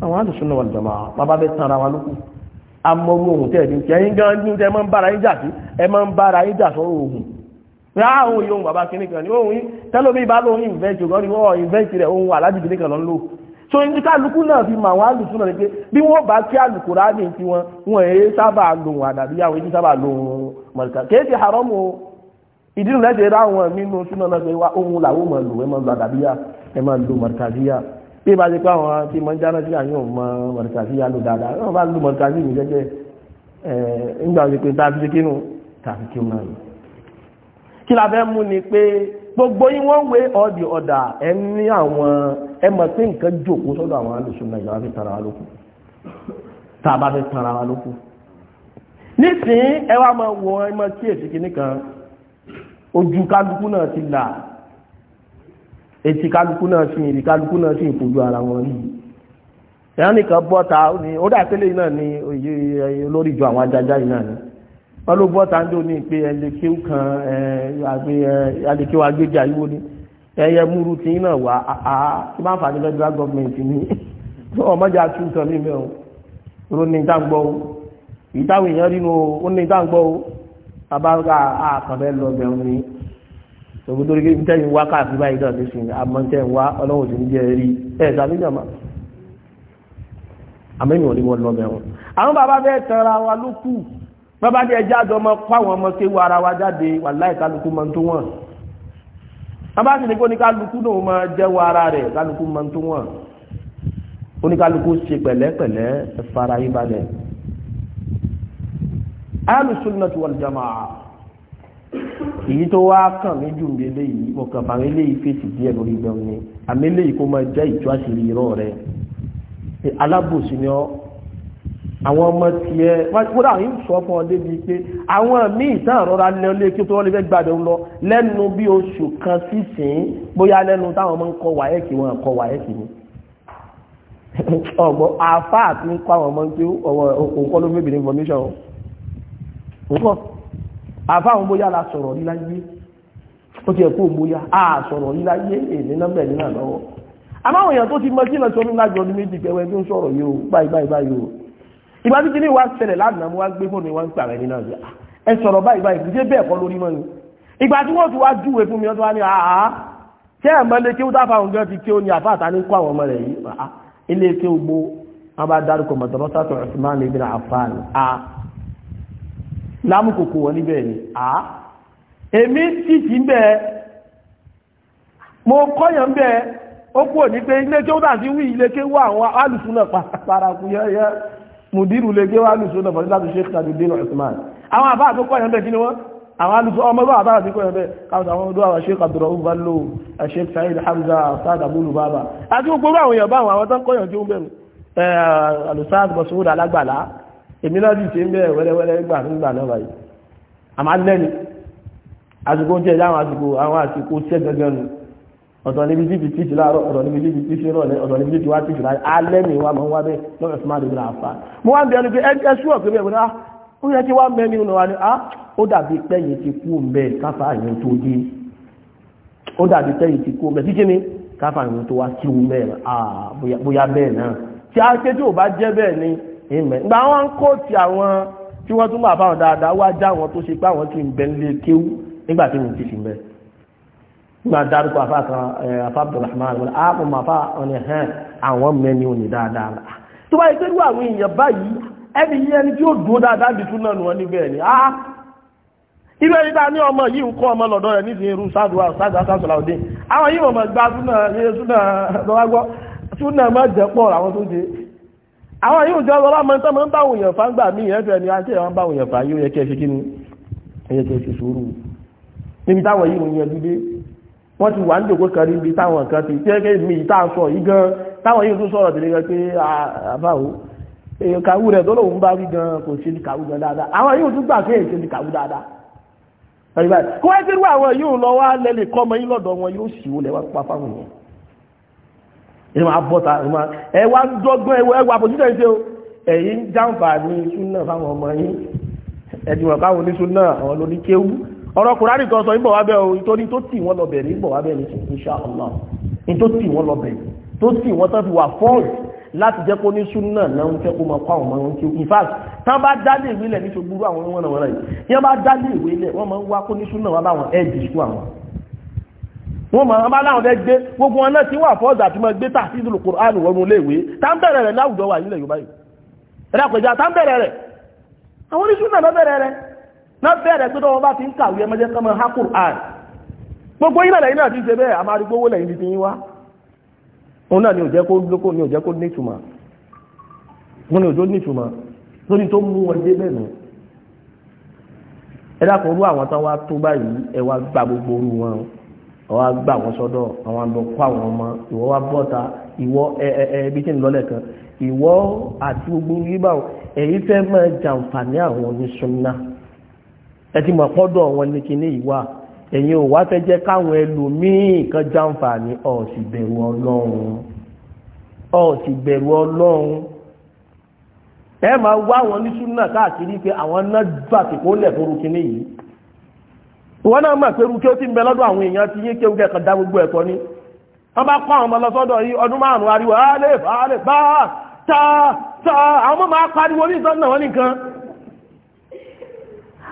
àwọn bàbá bẹ tán ara wa lókù amọ̀rú ohun tẹ̀lé ẹ̀yìn gan ní ẹ máa ń bára yín jà sí ẹ máa ń bára yín pé àwọn òye ohun bàbá kìíní kan ní ohun yìí tẹ́lómi bá lóhun ìvẹ́ǹtì ọ̀gọ́ ni wọ́n ìvẹ́ǹtì rẹ̀ ohun àlájì kìíní kan lọ ń lò so ní kálukú náà fi mọ̀ àwọn àlùsù náà ni pé bí wọ́n bá kí Al-Kùránì ní tiwọn wọn èé sábà lòun àdàbí àwọn èyí sábà lòun mọ̀lìkà kéèké haram o ìdí nìyẹn ti rá àwọn nínú súnà náà pé ohun làwọn mọ̀ lò ẹ máa lo àdàbíyà ẹ máa lo mọ̀lìkàdíyà bí ìbá ti pé àwọn tí mọ̀ ń jáná sí àyàn mọ̀ mọ̀lìkàdíyà lò dáadáa wọ́n bá lo mọ̀lìkàdíyà ní jẹ́jẹ́ ẹ̀ ń gbà tá a fi ṣe kínú tá a fi kí kí la fẹ́ mú ni pé gbogbo yín wọ́n wé ọ̀dì ọ̀dà ẹ̀ ní àwọn ẹ mọ̀ sí nǹkan jòkó sọ́dọ̀ àwọn alùsùn náà ìjọba fi tara wa lókù tá a bá fi tara wa lókù nísìnyí ẹ wá máa wọ ẹ máa kíyèsí kìíní kan ojú kálukú náà ti là etí kálukú náà sì ìrì kálukú náà sì ìfojú ara wọn rí ìyá nìkan bọ́ta ó dà pélé náà ni olórí ìjọ àwọn ajájá yìí náà ni wọ́n ló bọ́ tá ń dò ní pé ẹlẹ́kẹ́ kan ẹlẹ́kẹ́ wa gbéjà yíwó ni ẹyẹ múru tí ń náà wá àá tí máa ń fà ní federal government ni [LAUGHS] ọmọdé àtúntàn ní ìmọ̀ ló ní ìtàǹgbọ́ o ìtàwọn èèyàn rí nu ó ní ìtàǹgbọ́ o abáwọ́ká àkànfẹ́ lọ bẹ̀rù ni tòun torí kí tẹ́yìn wá káàkiri báyìí náà lóṣù ní àmọ́ tẹ́yìn wá ọlọ́wọ́ sí ní jẹ́ rí ẹ̀ sàmìjàmá àmọ́ ènìyàn ò ní wọ́n lọ bẹ̀rù àwọn bàbá fẹ́ tẹ̀ra wa ló kù bàbá ní ẹjẹ́ àjọ ọmọ kọ́ àwọn ọmọ kéwọ́ ara wa jáde wà láì kálukú mọ́ tó wọ́n bàbá sì ní kó ní kálukú náà mọ́ jẹ́wọ́ ara rẹ̀ kálukú mọ́ tó wọ́n oníkálukú ṣe pẹ̀lẹ́pẹ̀lẹ́ fara yín balẹ̀ alùsùnàtì wàlùjàmà èyí tó wá kàn mí jù mí eléyìí mo kàn fàmí eléyìí fèsì díẹ̀ lórí ìgbẹ́wọ̀n àmì eléyìí kó máa jẹ́ ìtú àṣírí irọ́ rẹ̀ alábòsí ni ọ́ àwọn ọmọ tiẹ̀ kódà yìí ń sọ fún ọ débi pé àwọn míì tán rọra lẹ ọlé kí tó wọ́n lè fẹ́ gbàdé ń lọ lẹ́nu bí oṣù kan sísìn bóyá lẹ́nu táwọn ọmọ ń kọ wáyẹ́kì wọn kọ wáyẹ́kì ni [LAUGHS] ọgbọ àfa àti ń kọ àwọn ọmọ ń pé òkò ló mébìrì information nǹkan àfa àwọn bóyá la sọ̀rọ̀ rí láyé ó ti ẹ̀kú bóyá a sọ̀rọ̀ rí láyé èmi nọ́mbẹ̀ nínú àlọ́wọ́ àmọ́ àwọn èèyàn tó ti mọ sí ìlọsọ́nù lájọ́ ọdún méjì pẹ̀wẹ́ tó ń sọ̀rọ̀ yìí o ìgbà tí kìíní wa ṣẹlẹ̀ lánàá mo wá gbé fóònù wa ń pè àwọn ẹni náà ah, ẹ sọ̀rọ̀ báyìí báyìí kìí ṣe bẹ́ẹ̀ kọ́ lórí mọ́ ni ìgbà tí wọ́n ti wá júwe fún mi ọdún wa ní àá ah, ah, ṣé ẹ̀ mọ́lé kí ó dáfà àwọn gan ti kí ó ní àfáà ta ní kó àwọn ọmọ rẹ̀ yìí ilé kí ó wọn bá dárúkọ mọ̀tọ́rọ́sá tó Usman ibn Affan a lámùkòkò wọn níbẹ̀ ni a èmi sì ti ń bẹ́ẹ̀ mo kọ́yàn ń bẹ́ẹ̀ ó kúrò ní pé ilé kí ó dà sí wí ilé kí ó àwọn alùsùn náà pàràkù mùdírù lè gbé wá lùsùn náà fọdí láti Sheikh Tajudeen Usman àwọn àbá àtúkọ̀ ẹ̀yàn bẹ́ẹ̀ kí ni wọ́n àwọn alùsùn ọmọ bá àbá àtúkọ̀ ẹ̀yàn bẹ́ẹ̀ káwọn àwọn ọdún àwọn Sheikh Abdurrauf Bello Sheikh Said Hamza Ustaz Abulu Baba àti gbogbo àwọn èèyàn báwọn àwọn tán kọ́yàn tí ó ń bẹ̀rù alùsáàdì bọ̀sùwòdà alágbàlá èmi náà sì ṣe ń bẹ̀rẹ̀ wẹ́rẹ́wẹ́rẹ́ gbà nígbà náà báyìí àmà lẹ́ni àsìkò oúnjẹ ọ̀dọ̀ níbi tí ti tíṣì láàárọ̀ ọ̀dọ̀ níbi tí ti tíṣì rọ̀lẹ́ ọ̀dọ̀ níbi tí ti wá tíṣì láàárọ̀ alẹ́ mi wá máa ń wá bẹ́ẹ̀ lọ́wọ́ ẹ̀sùn máa dòdò àfà mo wá ń bẹ̀rù pé ẹ sú ọ̀pẹ bẹ́ẹ̀ bọ́dá ah, ó yẹ kí wá ń bẹ́ẹ̀ wa ni a ah, ó dàbí pẹ́yìn ti kú mbẹ́ káfà yẹn tó dé ó dàbí pẹ́yìn ti kú mbẹ́ títí ni káfà yẹn tó wá sí u mbẹ́ bóyá bẹ́ẹ̀ náà tí a ké tí ò bá jẹ́ bẹ́ẹ̀ ni ìmẹ̀ gba wọn kó ti àwọn tí wọ́n tún bá bá wọn dáadáa wá já wọn tó ṣe pé àwọn ti ń bẹ́ kéwú nígbà tí wọn ti fi mbẹ́ nígbà dárúkọ afá kan afá abdulrahman wọn àpò ah, mọ afá wọn hàn àwọn mẹni òní dáadáa tó bá yẹ pé irú àwọn èèyàn báyìí ẹni yí ẹni tí ó dúró dáadáa di tún náà nù wọn níbẹ̀ ni ah irú ẹni tá ní ọmọ yìí ń kọ́ ọmọ lọ́dọ̀ rẹ̀ nídìí irú sáàdùwà sáàdùwà sáàdùwà òde àwọn yìí mọ̀mọ̀ gba súnà súnà lọ́wọ́gbọ́ súnà má jẹ́ pọ̀ àwọn tó ṣe àwọn yìí ń jẹ́ ọlọ́lá mọ́ tọ́ mọ́ ń bá òyìn fa ń gbà mí ẹ̀fẹ́ ni ajé wọn bá òyìn fa yóò yẹ kẹ́ ṣe kí ni ẹ̀yẹ kẹ́ ṣe sùúrù níbi táwọn yìí ń yẹn dúdé wọ́n ti wà ní ìdòkó kan níbi táwọn kan ti tẹ́gẹ́ mi ìta sọ yìí gan táwọn yìí tún sọ̀rọ̀ tẹ̀lé pé àbáwò èèyàn kàwú rẹ̀ tó lóun bá wí gan kò ṣe ní kàwú gan dáadáa àwọn yìí tún gbà pé èèyàn ṣe ní kàwú dáadáa kó wáyé pẹ̀lú àwọn yìí lọ wá lẹ́lẹ̀ kọ́ ọmọ yìí lọ́dọ̀ wọn yóò sì wọlé wá pa fáwọn yẹn ẹ máa bọ́ ta ẹ wá ń dọ́gbọ́n ẹ wá àpòjútẹ̀ ọ̀rọ̀ kùránì kan sọ ìbọ̀ wábẹ́ o nítorí tó tì wọ́n lọ́bẹ̀ ní ìbọ̀ wábẹ́ ní insha Allah ní tó tì wọ́n lọ́bẹ̀ tó tì wọ́n tó fi wà fọ́ọ̀lù láti jẹ́ kó ní súnà náà ń fẹ́ kó máa kọ́ àwọn ọmọ wọn kí ó in fact tán bá dálé ìwé lẹ̀ ní ṣogbúrú àwọn ọmọ wọn rẹ̀ yẹn bá dálé ìwé lẹ̀ wọ́n máa ń wá kó ní súnà wá báwọn ẹ̀ẹ́dì sún àwọn wọ́n máa bá láwọn fẹ́ gbé gbogbo wọn náà ti wà fọ́ọ̀dà tí máa gbé tàṣídùlù kùránù wọnú ilé ìwé tá ń bẹ̀rẹ̀ rẹ̀ láwùjọ wà nílẹ̀ Yorùbá yìí ẹ̀dá pẹ̀já tá ń bẹ̀rẹ̀ rẹ̀ àwọn oníṣúná náà bẹ̀rẹ̀ rẹ̀ náà bẹ̀rẹ̀ pé tọ́wọ́ bá ti ń kàwé ẹmọ́jẹ́ kọmọ ha Qur'an gbogbo yìí lẹ́yìn náà ti ṣe bẹ́ẹ̀ àmà àrígbówó lẹ́yìn ti yín òun náà ni ò jẹ́ kó lókò ni ò jẹ́ kó nítumọ̀ wọn ni ò jọ nítumọ̀ lórí tó mú wọn dé bẹ́ẹ̀ nù ẹ dákun orú àwọn tán wá tó báyìí ẹ wá gba gbogbo orú wọn ọ wá gbà wọn sọ́dọ̀ àwọn àgbọn kó àwọn ọmọ ìwọ wá bọ́ta ìwọ ẹ tí ń lọlẹ kan ìwọ àti gbogbo yìí èyí fẹ́ máa jàǹfààní àwọn oníṣúná ẹtí mọ̀ pọ́dọ̀ wọn ní kíní ìwà ẹ̀yin ò wá fẹ́ jẹ́ káwọn ẹlòmíì kan jàǹfààní ó sì bẹ̀rù ọlọ́run ó sì bẹ̀rù ọlọ́run ẹ máa wá àwọn ní súnà káàkiri pé àwọn náà gbà tí kò lẹ̀ fóru kíní yìí ìwọ náà mọ̀ pé irú kí ó ti ń bẹ lọ́dọ̀ àwọn èèyàn ti yé kéwú kẹ́kọ̀ọ́ dá gbogbo ẹ̀kọ́ ni wọ́n bá kọ́ àwọn ọmọ lọ yìí ọdún márùn-ún ariwo alẹ́ bá tá tá àwọn ọmọ máa pariwo ní ìtọ́nà wọn nìkan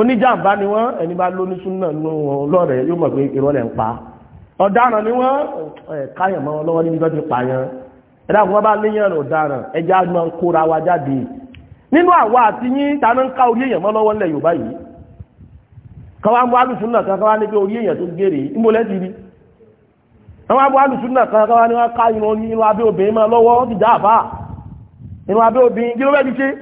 oníjàmbá ni wọ́n ẹni bá lóní súnà lọ́rẹ̀ yóò mọ̀ pé ń pa ọ̀daràn ni wọ́n níbi tó ti pààyàn wọn bá léyàn ọ̀daràn ẹja ń kóra wa jáde nínú àti yín ń ká orí èèyàn mọ́ lọ́wọ́ nílẹ̀ Yorùbá yìí kan ní orí èèyàn tó gèrè ìmọ̀lẹ́ ti rí kan ní wọ́n ká ti dá àbá abẹ́ obìnrin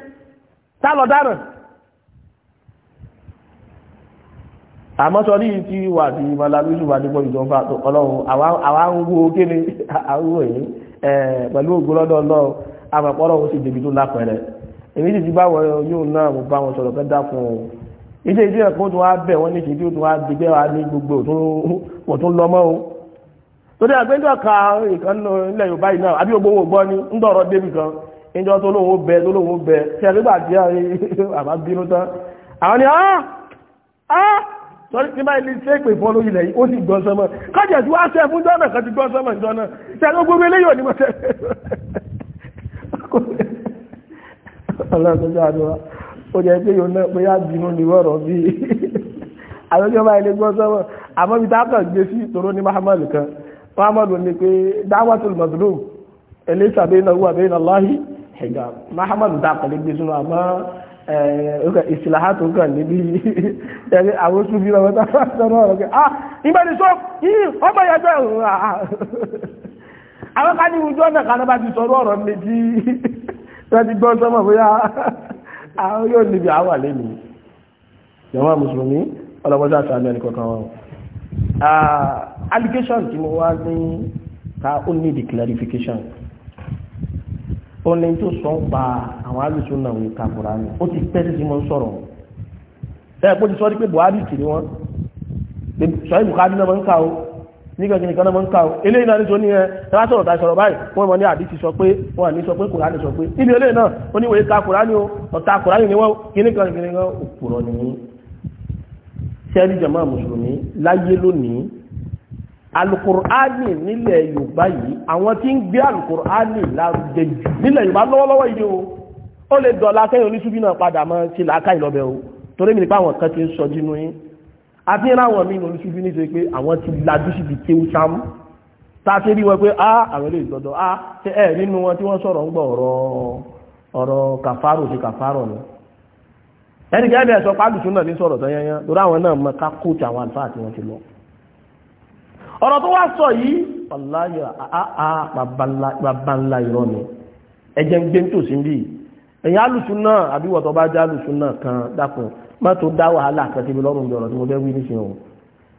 àmọ́ sọ ní ti wà ní malawisu wà nípa ìjọba ọlọ́run àwa ń wo kíni [LAUGHS] àwọ̀ yìí pẹ̀lú ògbó lọ́dọ̀ ọlọ́run àmọ̀pọ̀lọ́ ó sì débi tó lápẹ̀rẹ̀ èmi sì ti bá wọn yóò náà mo bá wọn sọ̀rọ̀ kẹ́dá fún un iṣẹ́ ìdí ẹ̀kọ́ tó wá bẹ̀ wọ́n ní ìṣèjú tó wá dìgbẹ́ wa ní gbogbo òtún lọ́mọ́ o torí àgbẹ́jọ́ ka ìkan ilẹ̀ Yorùbá yìí náà àbí gbogbo ògbọ́ ni ń dọ̀rọ̀ débi kan ìjọ tó lóun ó bẹ tó lóun ó bẹ tí a nígbà tí a [LAUGHS] bá bínú tán àwọn ni ah ah sọ́rí tí máa ilé iṣẹ́ ìpè fọ́lú ilẹ̀ yìí ó sì gbọ́n sọ́mọ́ kájẹ̀ tí wá ṣe fún jọ́nà kan ti gbọ́n sọ́mọ́ ìjọ́nà gbogbo ní mọ́ tẹ́lẹ̀ ni wọ́rọ̀ bí àlọ́jọ́ máa gbọ́n àmọ́ gbé sí ìṣòro ní mahamadu kan mahamadu ìsìláhà tó kàn níbi ẹgbẹ́ àwọn oṣù bí ọmọ tàbí àtọ́rọ̀ ọ̀rọ̀ ah ìbẹ̀rẹ̀ sọ yìí ọmọ ìyàjọ́ ẹ̀rùn àwọn ká ní ìrújọ́ náà kan bá ti sọ̀rọ̀ ọ̀rọ̀ méjì wọ́n [LAUGHS] ti gbọ́ sọ́mọ̀ bóyá àwọn [LAUGHS] yóò níbi àwà lẹ́nu ìjọba mùsùlùmí ọlọ́mọdé àti àmì ẹnì kọ̀ọ̀kan wọn. Ah, allocation tí mo wá the clarification ó ní tó sọ ń pa àwọn alùsùn náà wò kakura ni ó ti pẹ́ títí mo ń sọ̀rọ̀ ẹ̀ kó ti sọ pé Buhari kì ni wọ́n sọ̀rọ̀ Buhari náà máa ń kà ó nígbàgbìn kan náà máa ń kà ó eléyìí náà ní tó ní ẹ ẹ̀rá sọ̀rọ̀ ta sọ̀rọ̀ báyìí wọ́n mọ̀ ní àdìsí sọ pé wọ́n àní sọ pé Kùránì sọ pé ilé eléyìí náà ó ní wòye ka Kùránì o ọ̀tá kura ni wọ́n kíní kan kíní kan òpùrọ̀ nìyí sẹ́ẹ̀lì jàmáà mùsùlùmí láyé lónìí alukur'ani nílẹ̀ yorùbá yìí àwọn tí ń gbé alukur'ani lárugẹ jù nílẹ̀ yorùbá lọ́wọ́lọ́wọ́ yìí o ó lè dọ̀la kẹ́yìn oníṣubí náà padà mọ́ sí làákà ìlọ́bẹ̀ o torí mi nípa àwọn kan ti ń sọ jínú yín àti ní àwọn míì oníṣubí ní sọ pé àwọn ti lajú síbi kéwú sámú tá a ti rí wọn pé a àwọn eléyìí gbọdọ̀ a ṣe ẹ nínú wọn tí wọ́n sọ̀rọ̀ ń gbọ́ ọ̀rọ̀ ọ̀rọ̀ kàfárò sí kàfárò ni ẹnì kẹ́ẹ̀bẹ̀ sọ pálùsùn náà ní sọ̀rọ̀ tán yẹn yẹn torí àwọn náà mọ ká kóòtù àwọn àlùfáà tí wọ́n ti lọ ọ̀rọ̀ tó wá sọ yìí wàláyà àá babalá irọ́ ni ẹjẹ́ ń gbé tòsí bí ẹ̀yà alùsùn náà àbí wọ̀tọ̀ bá já alùsùn náà kan dákun má tó dá wàhálà kan tí mi lọ́rùn bí ọ̀rọ̀ tí mo fẹ́ wí níṣẹ́ o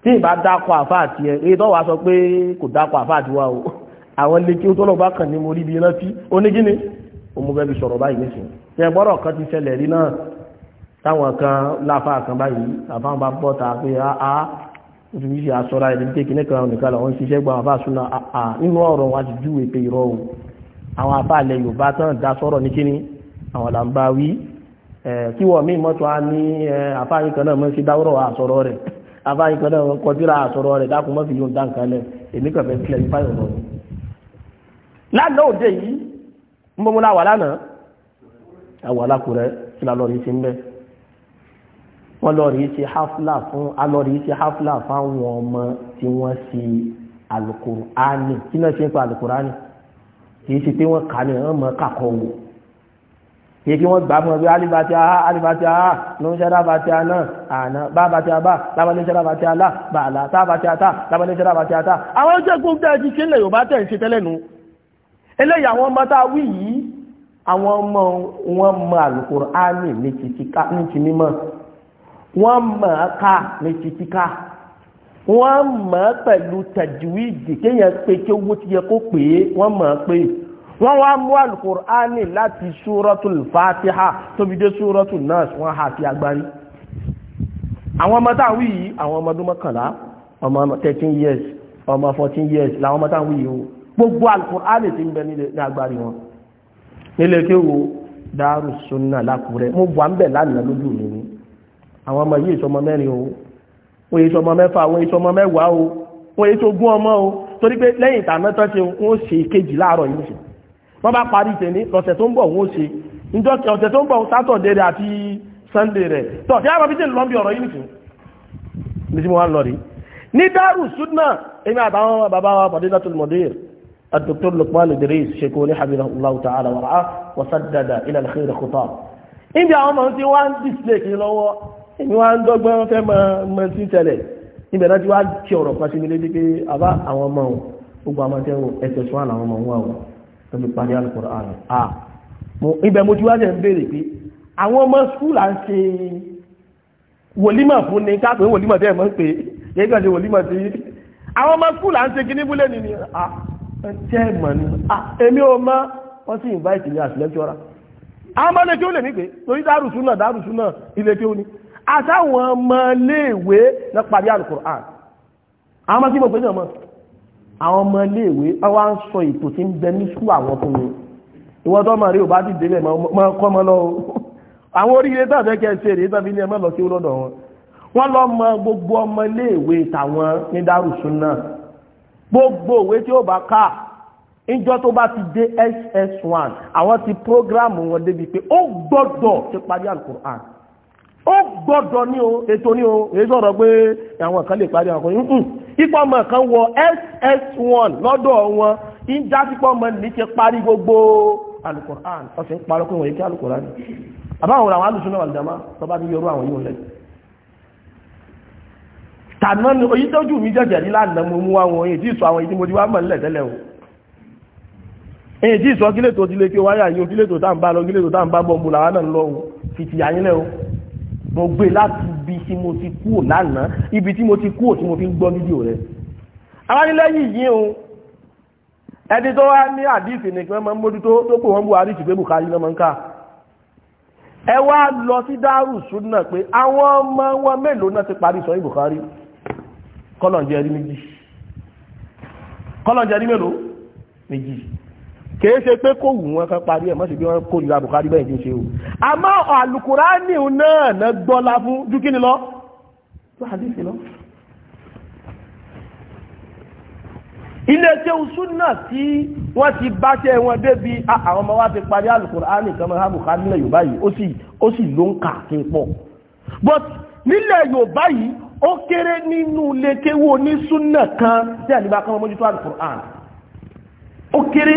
tí ìbá dákọ̀ àfa àti ẹ èyí tó wàá sọ pé kò dákọ̀ àfa àti wa o àwọn ilé kí ó tọ́lọ̀ bá kàn ní mo rí bí iná tí onígíní o mo fẹ́ fi sọ̀rọ̀ báyìí níṣẹ́ tẹ gbọ́dọ̀ kan ti ṣẹlẹ̀ rí náà táwọn kan láfa kan báyìí àfáwọn bá bọ́ ta oríṣiríṣi aṣọra ẹni pé kí nìkan nìkan làwọn ń ṣiṣẹ́ gba àwọn afáàṣúná àà ah, ah, nínú ọ̀rọ̀ wọn ti júwèé pé irọ́ o àwọn afáàlẹ̀ Yorùbá tán dá sọ̀rọ̀ ní kíní àwọn là ń bá wí kí wọ́n mí mọ́tò á ní afáàyín kan náà mọ́ sí dáwọ́rọ̀ àṣọrọ̀ rẹ̀ afáàyín kan náà kọtíra àṣọrọ̀ rẹ̀ dákun mọ́ fi yóò dá nǹkan lẹ̀ èmi kàn fẹ́ tilẹ̀ ifá wọ́n lọ rí ṣe hafla fún alọ́rí ṣe hafla fáwọn ọmọ tí wọ́n ṣe alukur'ani kí náà ṣe ń pa alukur'ani kì í ṣe pé wọ́n kà ní wọ́n mọ̀ kàkọ́ wò kì í kí wọ́n gbà fún ọ pé alibati aha alibati aha lóńṣẹ́dá bàtí aná àná bá bàtí abá lábàlẹ́ṣẹ́dá bàtí alá bàálà tá bàtí ata lábàlẹ́ṣẹ́dá bàtí ata. àwọn ọjọ́ gbogbo ẹ̀jí ṣe ilẹ̀ Yorùbá tẹ̀ ń ṣe tẹ́lẹ̀ nu eléyìí àwọn wọ́n mọ̀ ọ́ ká ní títí ká wọ́n mọ̀ ọ́ pẹ̀lú tajwidi kéèyàn pé kí owó ti yẹ kó pè é wọ́n mọ̀ ọ́ pé wọ́n wá mú alukur'ani láti suratul fatiha tóbi dé suratul nas wọ́n ha sí agbárí àwọn ọmọ táwọn wí yìí àwọn ọmọ ọdún mọ́kànlá ọmọ thirteen years ọmọ fourteen years làwọn ọmọ táwọn wí yìí o gbogbo alukur'ani ti ń bẹ ní agbárí wọn nílé kéwò Darus Sunna l'Ákúrẹ́ mo bọ̀ à ń bẹ̀ lánàá lójú mi ni àwọn ọmọ yìí ìṣọmọ mẹ́rin o wọ́n yìí ìṣọmọ mẹ́fà wọ́n yìí ìṣọmọ mẹ́wàá o wọ́n yìí ìṣogún ọmọ o torí pé lẹ́yìn ìtàná tán ṣe wọ́n ṣe kejì láàárọ̀ yìí ṣe wọ́n bá parí tèmi lọ́sẹ̀ tó ń bọ̀ wọ́n ṣe níjọ́ ọ̀sẹ̀ tó ń bọ̀ sátọ̀dẹ̀ rẹ̀ àti sànńdẹ̀ rẹ̀ tọ̀ tí a máa fi bí ọ̀rọ̀ yìí nìkan ní tí mo الدكتور لقمان إدريس شيكوني حفظه الله تعالى ورعاه وسدد إلى الخير خطاب إن جاء من سوى لو èmi wá ń dọ́gbọ́n fẹ́ mọ mọ sí tẹ̀lẹ̀ níbẹ̀ náà ti wá ti ọ̀rọ̀ kan sí mi lébi pé àbá àwọn ọmọ òun gbogbo àwọn tẹ́wọ̀ ẹsẹ̀ sùn àwọn ọmọ òun wà wọ́n tó fi parí alùpùpù ààrẹ à ibẹ̀ mo ti wá jẹ́ ń béèrè pé àwọn ọmọ skul à ń ṣe wòlímọ̀ fún ni káàpé wòlímọ̀ tẹ́ ẹ̀ mọ́ pé yẹ́n kàn ṣe wòlímọ̀ sí àwọn ọmọ skul à ń ṣe kíní búlẹ̀ nìyí à tẹ́ ẹ̀ mọ̀ ni à èmi ò mọ wọ́n sì invite me as lecturer àwọn ọmọ ilé kí ó lè mí pé torí dárùsùn náà dárùsùn náà ilé kí ó ní àtàwọn ọmọ léèwé lọ parí alukur'an àwọn ọmọ tí mo pè ní ọmọ àwọn ọmọ léèwé wá ń sọ ètò tí ń bẹ ní sùn àwọn fún mi ìwọ́n tó máa rí òbá ti délẹ̀ máa kọ́ mọ́ lọ́wọ́ àwọn oríire tó àfẹ́kẹ́ ṣe rèé tàbí ní ẹmọ́ lọ sí olódọ̀ wọn wọ́n lọ mọ gbogbo ọmọ léèwé tàwọn ní dárùsùn náà gbogbo òwe tí ó bá ká ìjọ tó bá ti dé ss1 àwọn ti prógráàmù wọn débi pé ó gbọ́dọ̀ ti parí alukur'an gbọ́dọ̀ ní o ètò ní o èyí sọ̀rọ̀ pé àwọn kan lè parí àwọn kan yìí ipò ọmọ kan wọ ss1 lọ́dọ̀ wọn ìjásípọ̀ ọmọ ní ti parí gbogbo alukoran ọ̀sẹ̀ ń parọ́ pé wọ́n yìí kí alukoran àbáwọn àwọn alùsùn náà wàlùdàmá tọ́ba bí yorùbá àwọn yóò lẹ́yìn tànà ni oyin tọ́jú mi jẹ́jẹ̀ ní lánàá mo mú àwọn èyí tí ìsọ àwọn èyí tí mo ti wá mọ̀ nílẹ̀ tẹ́lẹ̀ o èyí tí ìsọ kílẹ̀ tó ti lè kí wáyà yìí kílẹ̀ tó tá ń bá lọ kílẹ̀ tá ń bá bọ̀ mú làwọn náà lọ fìtìyà yín lẹ́ o mo gbé láti ibi tí mo ti kúrò lánàá ibi tí mo ti kúrò tí mo fi ń gbọ́ fídíò rẹ̀ alánilẹ́yìn yìí o ẹni tó wá ní àdìsí ni kí wọ́n máa ń tó wọ́n buhari ṣùgbẹ́ bukari náà máa ń kà ẹ wá lọ sí dárù súnà pé àwọn ọmọ wọn mélòó náà ti parí sọ ibùkárí méjì kìí ṣe pé kò wù wọn kan parí ẹ̀ mọ́sí bí wọ́n kó ìlú àbùkárí bẹ́ẹ̀ ní ṣe o àmọ́ àlùkùránì náà na gbọ́lá fún dúkíní lọ ilé tí ó súnà tí wọ́n ti bá wọn débi àwọn ọmọ wa ti parí àlùkùránì kan mọ́ àbùkárí nílẹ̀ Yorùbá yìí ó sì ló ń kà kí pọ̀ but nílẹ̀ Yorùbá yìí ó kéré nínú lékéwò ní súnà kan tí àdìbà kan mọ́jútó àlùkùránì ó kéré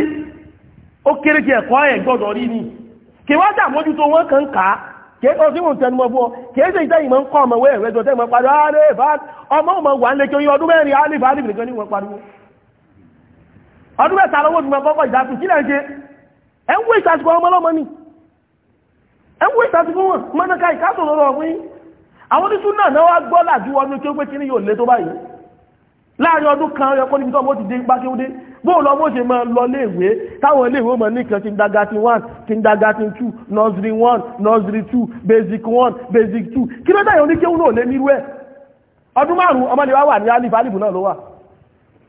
ó kéré tí ẹ̀kọ́ ẹ̀ gbọ́dọ̀ rí ni kí wọ́n sàmójútó wọn kàn ká kí ó sì ń tẹnumọ́ bú ọ kí é sì ń tẹ́yìn mọ́ ń kọ́ ọmọ wẹ́ ẹ̀rẹ́jọ tẹ́ mọ́ pariwo alif ọmọ ọmọ wà ń lékè ọdún mẹ́rin alif alif nìkan ní wọn pariwo ọdún mẹ́ta lọ́wọ́ tí mo kọ́kọ́ ìdákù sílẹ̀ ṣe ẹ̀ ń wé ìtàsíkò ọmọ ọlọ́mọ ni ẹ̀ ń wé ìtàsíkò wọn mọ́nàká ìkásò lọ́rọ̀ ọ̀gbìn àwọn oníṣún náà bóòlù ọmọ ṣe máa lọ léèwé táwọn iléèwé ọmọ nìkan kindergarten one kindergarten two nursery one nursery two basic one basic two kí ló dáyọ̀ ní kéwú náà lé nírú ẹ̀ ọdún márùn-ún ọmọ lè wá wà ní alif alif náà ló wà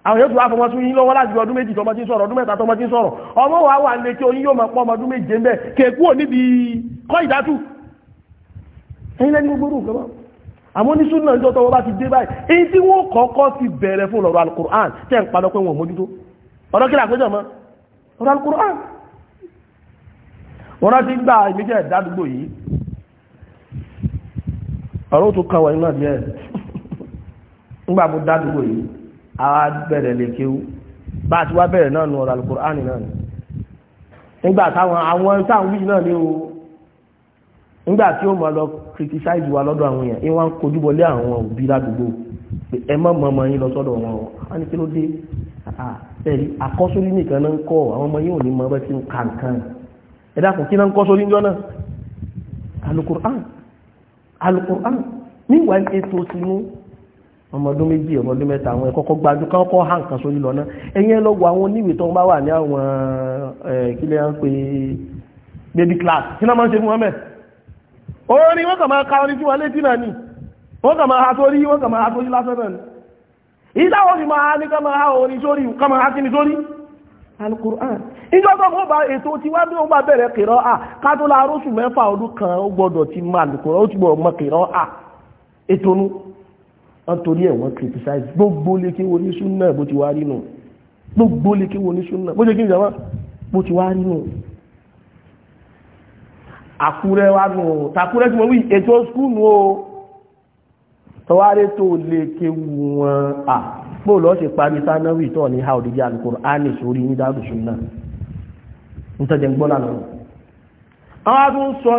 àwọn yóò tún wá fọmọ tún yín lọ́wọ́ láti ọdún méjì tọmọ tí ń sọ̀rọ̀ ọdún mẹ́ta tọmọ tí ń sọ̀rọ̀ ọmọ wa wà lè kí oyin yóò máa pọ́ ọmọ ọdún méje mẹ́ kèkú ò níbi kọ́ ìdátù ẹ̀yìn lẹ́ni gbogbo rú nǹkan àmọ́ ní súnà ìjọ tọwọ́ bá ti dé báyìí èyí tí wọ́n kọ́kọ́ ti bẹ̀rẹ̀ fún ọ̀rọ̀ alukur'an tẹ́ ń padà pé wọn mójútó ọ̀rọ̀ kí làpéjọ mọ́ ọ̀rọ̀ Al-Qur'an ọ̀rọ̀ ti gbà ìmíjẹ̀ ìdádúgbò yìí ọ̀rọ̀ tó kọwà iná bí ẹ̀ ńgbà mú dádúgbò yìí a wá bẹ̀rẹ̀ lè kéwú bá ti wá bẹ̀rẹ̀ náà nù ọ̀rọ̀ Al-Qur'an náà ni nígbà táwọn àwọn táwọn wí náà ni o nígbà tí ó mọ̀ lọ criticize wa lọ́dọ̀ àwọn èèyàn ìwọ̀n kojúbọlé àwọn òbí ládùúgbò ẹ mọ̀ mọ̀ yín lọ sọ́dọ̀ wọn wọn á ní kí ló dé Ah, ẹ̀rí àkọ́sórí nìkan náà ń kọ́ àwọn ọmọ yóò ní mọ bẹ́ tí ń ka nǹkan ẹ dákun kí náà ń kọ́sórí ń jọ náà alukur'an alukur'an níwàá ètò sínú ọmọdún méjì ọmọdún mẹ́ta àwọn ẹ̀kọ́kọ́ gbajú kọ́kọ́ hàn kan sórí lọ́nà ẹ̀yìn ẹlọ́gbọ̀ àwọn oníwèé tó ń bá wà ní àwọn kílẹ̀ ń pè baby class kí náà máa ń ṣe fún wọn mẹ́ orin wọ́n kàn máa ka orin tí wọ́n létí náà ni wọ́n kàn máa ha sórí wọ́n kàn máa ha sórí lásán náà ni ìdáwọn ni máa ní kọmọ ha orin sórí kọmọ ha kíni sórí alukur'an ìjọba mọ́ bá ètò tí wá ní ó bá bẹ̀rẹ̀ kìrọ́ à kátó láàárọ̀ oṣù mẹ́fà ọdún kan ó gbọ́dọ̀ ti máa alukur'an ó ti criticize gbogbo lékè wo ní súnà bó ti wá rí nù gbogbo lékè wo ní súnà bó ṣe kí n jàmá bó ti wá rí nù àkúrẹ́ wá tọwárí tó lè ké wọn à bó lọ́ ṣe parí sánáwì tọ́ ní hàù dídí alukoro á ní sórí ní dáàbòsùn náà nítọ́jẹ́ ń gbọ́ lánàá àwọn adún sọ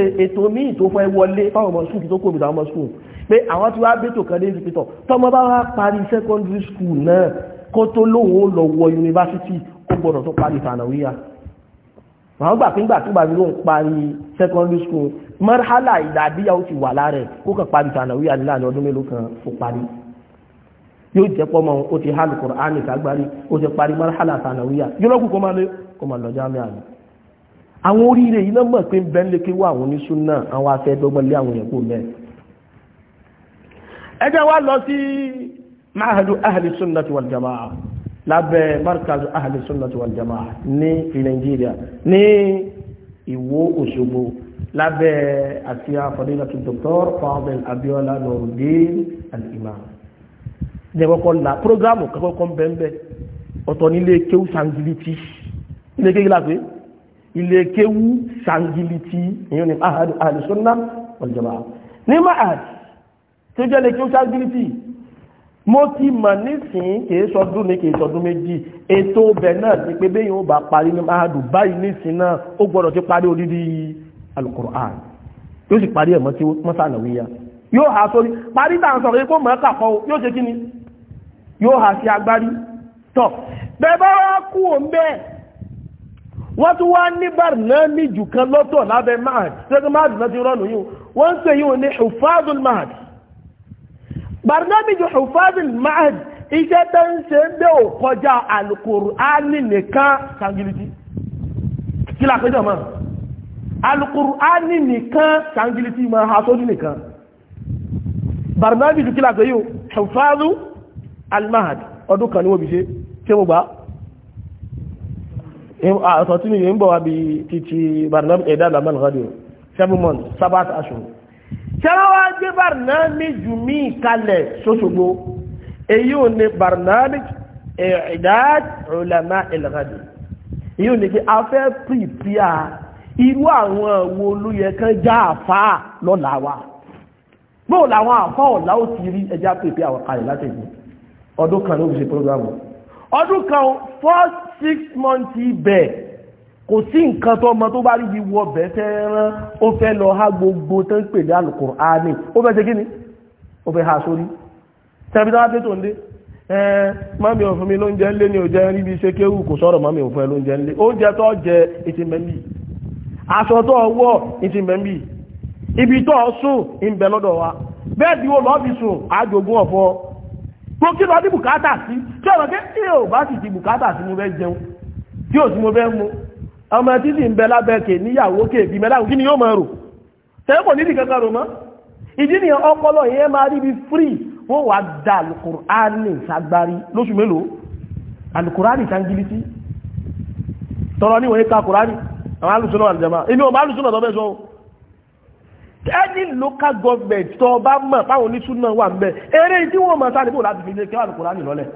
e, ètò míì tó fẹ́ wọlé fáwọn ọmọ skúl tó kò bìtà ọmọ skúl pé àwọn tí wá bètò kan léèzì pítọ̀ tọ́mọ bá wá parí secondary school náà kó tó lóun ó lọ wọ yunifásitì ó gbọ́dọ̀ tó parí tànàwíyà wọ́n gbà pé ńgbàtúgbà ló ń parí secondary school marhala ìdàbíyà ó ti wà lára ẹ̀ kó kàn parí tànàwí àdínlá ní ọdún mélòó kan ó parí yóò jẹ́ pọ́mọ ó ti hálù kùránì kágbárí ó ti parí marhala tànàwíyà yóò lọ́kù kó máa lé kó máa lọ jámẹ́ àná àwọn oríire yìí lọ́mọ̀ pé ń bẹ́ ń lé àwọn oníṣún náà àwọn afẹ́ dọ́gbọ́n lé àwọn ẹ̀kọ́ mẹ́ ẹ lábẹ́ markaz ahli sunnati wal jamaa ní nàìjíríà ní ìwó òṣogbo lábẹ́ àsíá fadilatu dr fadil abiola nurudin al-imam jẹ́kọ́kọ́ la programu kọ́kọ́ ń bẹ́ẹ̀ ọ̀tọ̀ nílé kéwú sangiliti ilé kéwú lápé ilé kéwú sangiliti èyàn ni ahli sunnah wal jamaa ní máa tó jẹ́ lè kéwú sangiliti mo ti mọ̀ nísìnyí kìí sọdún ní kìí sọdún méjì ètò ọbẹ̀ náà ti pé bẹ́yìn ó bá parí ní máa dùn báyìí nísìnyí náà ó gbọ́dọ̀ ti parí odidi alukur'an yóò sì parí ẹ̀mọ́ tí mọ́sánàwíyá yóò há sórí parí tàà sọ̀rọ̀ ikú mọ́ kàkọ́ yóò ṣe kí ni yóò há sí agbárí tọ̀ bẹ́ẹ̀ bá wá kú òun bẹ́ẹ̀ wọ́n tún wá ní barnamiju kan lọ́tọ̀ lábẹ́ mahad barnamiju hufazil mahad iṣẹ́ tó ń ṣe ń bẹ́ ò kọjá alukur'ani nìkan sangiliti kí la pẹ́jọ mọ́ alukur'ani nìkan sangiliti ma ha sójú nìkan barnamiju kí la pẹ́ yóò hufazil almahad ọdún kan ni wọ́n fi ṣe ṣé mo gbà àtọ̀tún yìí ń bọ̀ wá bí titi barnamiju ẹ̀dá lamẹ́lì rádìó seven months sabat ashur ṣẹ́wọ́n wá gbé barnamiju míì kalẹ̀ sóṣogbo èyí ò ní barnamiju i'dad ulama al-ghadi èyí ò ní pé a fẹ́ pìpìà irú àwọn wo ló yẹ kán já àfá lọ́la wa bóò làwọn àfá ọ̀la ó ti rí ẹja pìpìà àwọn kalẹ̀ látẹ̀gbẹ̀ ọdún kan ló fi ṣe program ọdún kan first six months bẹ́ẹ̀ kò sí nǹkan tó ọmọ tó bá rí bí wọ bẹ̀ fẹ́ rán ó fẹ́ lọ ha gbogbo tó ń pè ní Al-Qur'ani ó fẹ́ ṣe kí ni ó fẹ́ ha sórí tẹ́bí táwọn tètò ń dé ẹ̀ẹ́n mami ò fún mi lóúnjẹ ńlé ni ò jẹ́ rí bí ṣe kò sọ̀rọ̀ mami ò fún ẹ lóúnjẹ ńlé oúnjẹ tó jẹ ètì mẹ́mí aṣọ tó wọ̀ ètì ibi tó sùn ìbẹ̀ lọ́dọ̀ wa bẹ́ẹ̀ bí wo lọ́ fi sùn àjogún ọ̀fọ́ mo kí lọ ní bùkátà sí tí ọ̀rọ̀ kí ẹ ò bá sì ti bùkátà sí mo fẹ́ jẹun tí ò sí mo fẹ́ mu ọmọ tí sì ń bẹ lábẹ́kẹ̀ níyàwó kèbí mẹ́láwó kí ni yóò máa rò tẹ́kọ̀ nídìí kankan rò mọ́ ìdí ni ọpọlọ yẹn máa rí bí free wọ́n wá da alukur'ani sagbari lóṣù mélòó alukur'ani sangilisi tọrọ ní wọ́n ká kur'ani àwọn alùsùnà àlùjàmá èmi ò bá alùsùnà tọ́bẹ̀ sọ ẹni local government tọ́ bá mọ̀ páwọn oníṣúná wà ń bẹ eré tí wọ́n mọ̀ sáré bò láti fi lé kí alukur'ani lọ́lẹ̀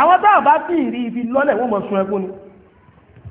àwọn táwọn bá sì rí ibi lọ́lẹ̀ wọ́n mọ̀ sun ẹkún ni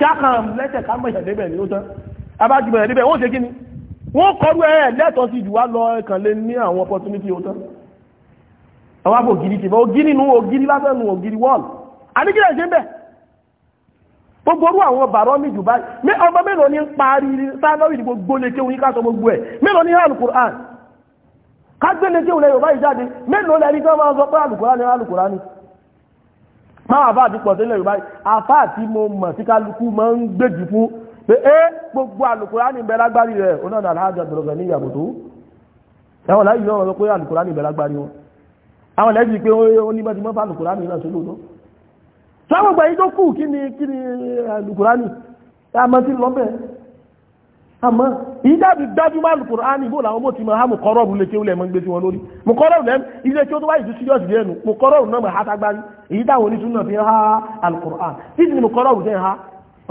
kákan lẹ́tẹ̀ ká mọ̀ṣẹ̀ débẹ̀ ni ó tán abájú bẹ̀rẹ̀ débẹ̀ wọ́n ṣe kí ni wọ́n kọrú ẹ̀ lẹ́tọ̀ sí jù wá lọ ẹ̀kàn lé ní àwọn opportunity ó tán àwọn àpò ògiri ti bọ́ ògiri nu ògiri lásán nu ògiri wọ́ọ̀lù àníkílẹ̀ ṣe ń bẹ̀ gbogbo orú àwọn bàrọ́ mi jù báyìí ọmọ mélòó ní ń parí sáfẹ́wì ní gbogbo lékè òun ká sọ gbogbo ẹ̀ mélòó ní Al-Qur'an ká gbé lékè òun lẹ́yìn báyìí jáde mélòó lẹ́ni tí wọ́n máa sọ pé al ni al ni máa àfáà ti pọ̀ sílẹ̀ yorùbá àfáà tí mo mọ̀ sí kálukú máa ń gbèjì fún pé é gbogbo àlùkùránì ń bẹ lágbárí rẹ̀ ó náà nàlá àjọ ìdọ̀rọ̀gbẹ̀ ní ìyàbò tó ẹ̀wọ̀n láyé yọ̀ wọ́n pé àlùkùránì ń bẹ lágbárí wọn àwọn lẹ́jì pé ó ní bẹ́ẹ̀ mọ́fà àlùkùránì náà sílò tó sọ́gbọ̀gbẹ̀ yìí tó kù kí ni kí ni àlùkùránì ẹ̀ àmọ́ sí lọ́bẹ̀ẹ́ àmọ́ ìdájú dájú máa lù kùrọ̀ ánì ìbòlà ọmọ tí ma ha mùkọ́rọ̀rù lè kéwú lẹ́mọ́ gbé sí wọn lórí mùkọ́rọ̀rù lẹ́m ilé tí ó tó wáyé tó síjọ́sì lẹ́nu mùkọ́rọ̀rù náà máa hátágbá ní èyí táwọn oníṣun fi ha alùkùrọ̀ ánì títí ni mùkọ́rọ̀rù tẹ́ ha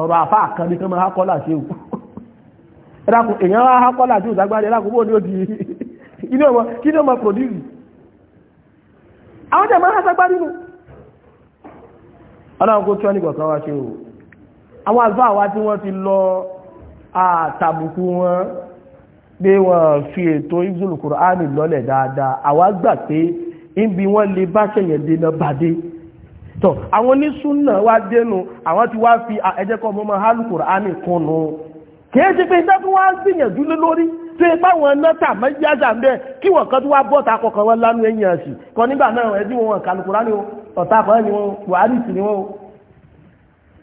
ọ̀rọ̀ àfa àkànní kan máa kọ́là ṣe o [LAUGHS] ẹ̀dàkùn èèyàn ha kọ́là ṣe òṣàgbáre ẹ̀dàkùn bó ni ó di ilé [LAUGHS] ọmọ kí ni ó máa produce àwọn tẹ̀ máa hátágbá nínú ọlọ́run kó tí wọ́n ní kọ̀ọ̀kan wá ṣe o àwọn àlùfáà wa tí wọ́n ti lọ àtàbùkù wọn bí wọ́n fi ètò ìzùlù kùránì lọ́lẹ̀ dáadáa àwa gbà pé níbi wọ́n lè bá ṣẹ̀yẹ̀ dènà bàdé tọ́ àwọn onísúnà wá dénú àwọn tí wá fi ẹjẹ́kọ́ mọ́mọ́ hálù kùránì kúnnú kìí ṣe pé iṣẹ́ tó wá gbìyànjú lé lórí tó ẹ bá wọn náà tà bẹ́ẹ̀ kí wọ́n kan tó wá bọ́ọ̀tà kọ̀ọ̀kan wọn lánú ẹ̀yìn ẹ̀sìn kan nígbà náà ẹ̀dí wọn kàlùkùránì ọ̀tà kan ni wọn wàhálì sí ni wọn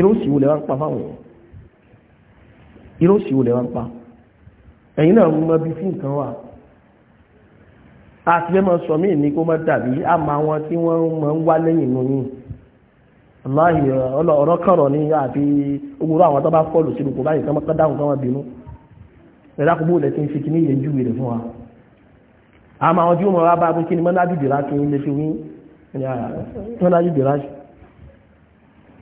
ìrọ́sì wo lè wá ń pa fáwọn èèyàn ìrọ́sì wo lè wá ń pa ẹ̀yin náà mú ọbí fún nǹkan wà àti ẹ máa sọ mí ní kó má dàbí àmọ́ àwọn tí wọ́n máa ń wá lẹ́yìn inú yìí aláì ọ̀rọ̀ kọ̀rọ̀ ní àti ogúnrọ̀ àwọn tó bá fọ́ọ̀lù sínú kò báyìí kọ́ dáhùn kọ́ wọn bínú ẹ̀dákùnbó ilẹ̀ tí ń fi kíní yẹn júwe rẹ̀ fún wa àmọ́ àwọn tí ó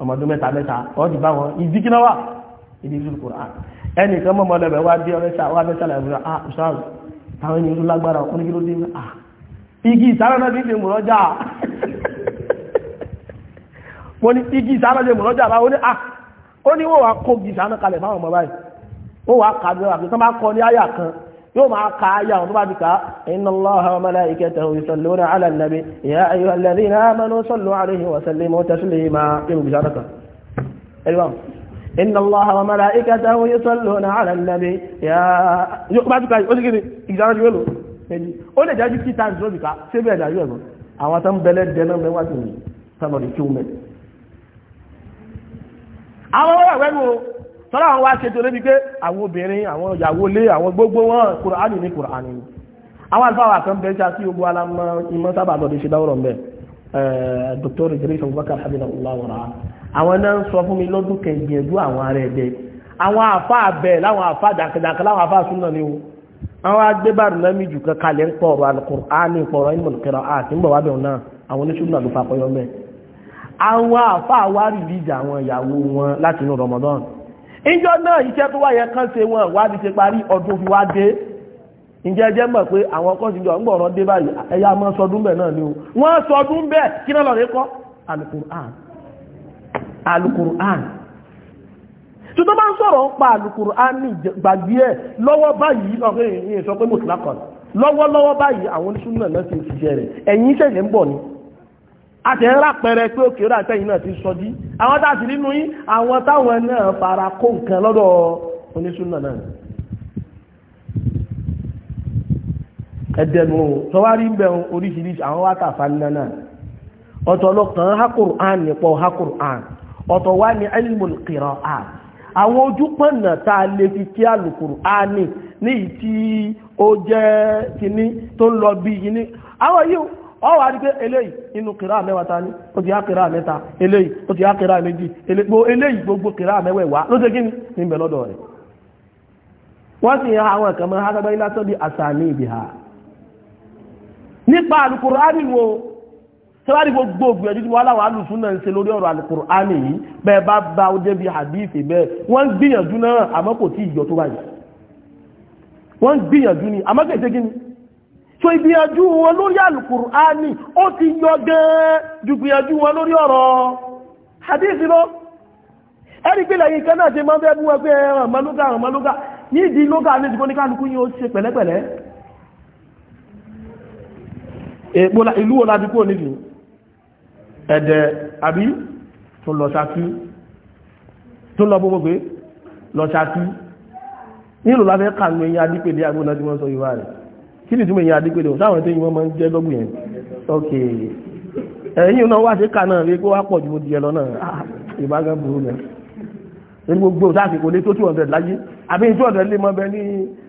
ọmọdún mẹ́ta mẹ́ta ọdún bá wọn ibi kí náà wà ibi Qur'an ẹnì kan mọ́mọ́ lẹ́bẹ̀ẹ́ wá dé ọlẹ́sà wá fẹ́ sàlẹ̀ ìwúra ah ṣáàlù táwọn ènìyàn lágbára ọkùnrin kí ló dé ah igi ìsára náà fi mùrọ́jà wọ́n [LAUGHS] ní igi ìsára ṣe mùrọ́jà báwọn ah ó ní wọ́n wá kó igi ìsára kalẹ̀ fáwọn ọmọ báyìí ó yóò máa ka ayé àwọn tó bá ti kà á inna Allaha wa malaikatahu yusalluna ala nabi ya ayyuhal ladhina amanu sallu alayhi wa sallimu taslima yóò gbèsè àdàkà ẹ̀rí wọn. inna Allaha wa malaikatahu yusalluna ala nabi ya yóò bá ti kà ó sì kiri ìgbésẹ̀ àdàkà yóò lò ó lè jáde tí táǹtì ló ti kà sébẹ̀ ìdájọ́ ẹ̀gbọ́n àwọn tó ń bẹ̀lẹ̀ dẹ́nà mẹ́wàá tó ń sálọ̀ tọ́lá àwọn wá ṣe tó lébi pé àwọn obìnrin àwọn ìyàwó lé àwọn gbogbo wọn kùránì ní kùránì ni àwọn àlùfáà kan bẹ́ẹ̀ ṣá sí ogun alamọ ìmọ̀ sábà lọ́dẹ ṣe dáwọ́rọ̀ mbẹ́ Dr. idris abubakar hamidullah wara àwọn náà ń sọ fún mi lọ́dún kẹgbìyànjú àwọn ará ẹ̀dẹ́ àwọn àfa abẹ láwọn àfa dàkàdàkà láwọn àfa súnà ni o àwọn agbébàrún náà mìjù kan kalẹ̀ ń pọ̀ ọ̀rọ̀ alukur'ani pọ̀rọ̀ ìmọ̀lùkẹ́rọ̀ àti àwọn àfa wa rìlíìsì àwọn ìyàwó wọn láti inú Ramadan ìjọ náà iṣẹ́ tó wáyẹ kán ṣe wọn wádìí ṣe parí ọdún fi wá dé ǹjẹ́ ẹjẹ́ mọ̀ pé àwọn kan ti ń gbọ̀ràn dé báyìí ẹ̀yà mọ́ sọdún bẹ̀ náà ni o wọ́n sọdún bẹ̀ kí náà lọ́rẹ́ kọ́ alukur'an alukur'an tó bá ń sọ̀rọ̀ ń pa alukur'an gbàgbé lọ́wọ́ báyìí ọ̀rẹ́ ìyẹn sọ pé lọ́wọ́lọ́wọ́ báyìí àwọn oníṣúná náà ti ṣiṣẹ́ rẹ̀ ẹ̀yìn ìṣẹ̀lẹ̀ ni a ti rà pé òkè rà tẹ́yìn náà ti sọjí àwọn tá ta nínú yín àwọn táwọn náà fara kó nǹkan lọ́dọ̀ onísúnà náà ẹ̀dẹ̀nu sọwárí ń oríṣiríṣi àwọn wákà fanná náà ọ̀tọ̀ lọ́kàn hákùrán nípọ̀ hákùrán ọ̀tọ̀ wá ní a lè fi kí àlùkùránì ní ó jẹ́ tó ń lọ bí àwọn ọ wà rí pé eléyìí inú kìrá mẹ́wàá ní ó ti á kìrá mẹ́ta eléyìí ó ti á kìrá méjì eléyìí gbogbo kìrá mẹ́wẹ̀wá ló ṣe kíni ní bẹ̀ lọ́dọ̀ rẹ̀ wọ́n sì àwọn tó di àṣà ha nípa alukur'ani sẹ́wárí gbogbo tí wọ́n láwọn náà ń ṣe lórí ọ̀rọ̀ alukur'ani yìí bẹ́ẹ̀ bá bá ó bẹ́ẹ̀ wọ́n ń gbìyànjú náà àmọ́ kò tí tó wọ́n ń gbìyànjú ni so ìgbìyànjú wọn lórí àlùkùránì ó ti yọ gẹ́ẹ́ ju ìgbìyànjú wọn lórí ọ̀rọ̀ hadith lọ ẹ̀rí pé lẹ́yìn kan náà ti máa fẹ́ bú wọn pé ẹran mọ́lúkà ẹran mọ́lúkà ní ìdí lókà ní ìdíkọ́ ní kálukú yìí ó ṣe pẹ̀lẹ́pẹ̀lẹ́ ìlú wo láti kúrò nídìí ẹ̀dẹ̀ àbí tó lọ ṣáàkí tó lọ bó gbogbo lọ kí ni túnmọ̀ èyàn adígbèdè sáwọn tó yí wọ́n máa ń jẹ́ lọ́gbù yẹn ok ẹ̀yìn náà wá sí ká náà rí kó wá pọ̀ ju mo diẹ lọ náà ah, ìbágan burú náà ní gbogbo sáàsì kò lé tó 200 láyé àbí 200 lè mọ́ bẹ ní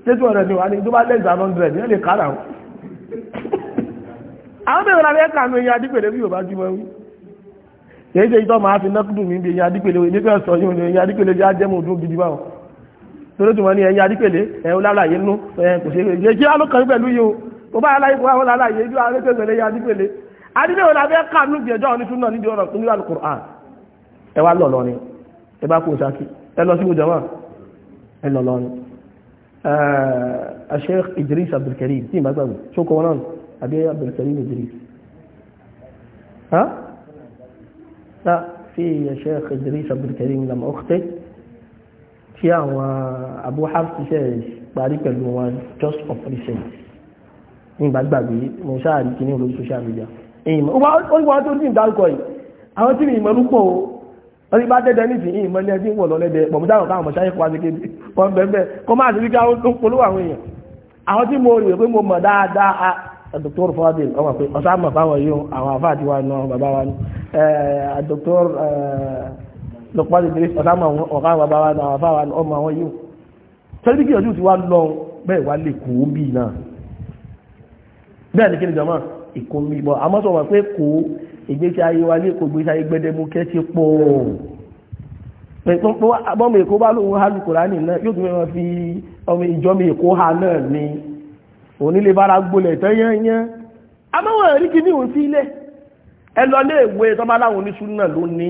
200 ní wà ní tó bá lẹ́sà 100 ní ẹ̀lẹ́ kára wọn àwọn bẹ̀rẹ̀ la fẹ́ kànú èyàn adígbèdè bí yóò bá jùmọ̀ wí èyí ṣe ìtọ́ máa fi nákùdù mi bí èyàn adígbèdè èyí ṣe sọ yóò ní èyàn adígbèdè lórí tí wọ́n ní ẹ̀yìn adípèlé ẹ̀hún lálàyé nú kò ṣe é jẹ́ alókan pẹ̀lú yìí o tó bá aláyé fún àwọn lálàyé ju alókèsèlè ẹ̀yìn adípèlé adílé wọn lábẹ́ ká nú gbẹ̀jọ́ ní túnú nídìí ọ̀rọ̀ tó ní alukur'an ẹ wá lọ̀ lọ́ni ẹ bá kó saki ẹ lọ sí ìjọba ẹ lọ lọ́ni. Idris Abdulkarim tí ìmọ̀ gbàgbọ́ tó kọ́ náà àbí Abdulkarim Idris. ها؟ لا في يا شيخ إدريس عبد لما أخطئ tí àwọn Abu Hafs ṣe parí pẹ̀lú wọn just of recent nígbà gbàgbé mo ṣáàrí kí ní olórí social media ìmọ̀ ó wá tó dín dárúkọ yìí àwọn tí mi ìmọ̀ ló pọ̀ o wọ́n ti bá dẹ́dẹ́ nísìnyí ìmọ̀ ní ẹbí wọ̀ lọ́lẹ́dẹ́ pọ̀ mú dáhùn káwọn ọmọọṣẹ́ yẹn wá sí kéde wọ́n bẹ́ẹ̀ bẹ́ẹ̀ kọ́ máa ti rí ká tó polówó àwọn èèyàn àwọn tí mo rò pé mo mọ̀ dáadáa Dr. Fadil ọmọ pé ọ̀sán mọ̀ fáwọn yìí àwọn àfáà ti wá náà bàbá wa ni Dr lọ́pàá ti tẹ̀lé ọ̀tá àwọn ọ̀gá àwọn bàbá àwọn àfáà àwọn ọmọ àwọn yìí sọ́dí kí ọdún ti wá lọ bẹ́ẹ̀ wá lè kó bí náà bẹ́ẹ̀ ni kí ni jọmọ́ ìkó mi bọ́ àmọ́ sọ wọn pé kó ìgbésí ayé wa lè kó ìgbésí ayé gbẹdẹmukẹ́ ti pọ̀ bọ́mọ̀ èkó bá lóun hálù kùránì náà yóò ni onílé bára gbolẹ̀ tán yányán amáwọn ẹ̀rí kìíní òun sí ilé ẹ ìwé tọ́bá oníṣúná ló ní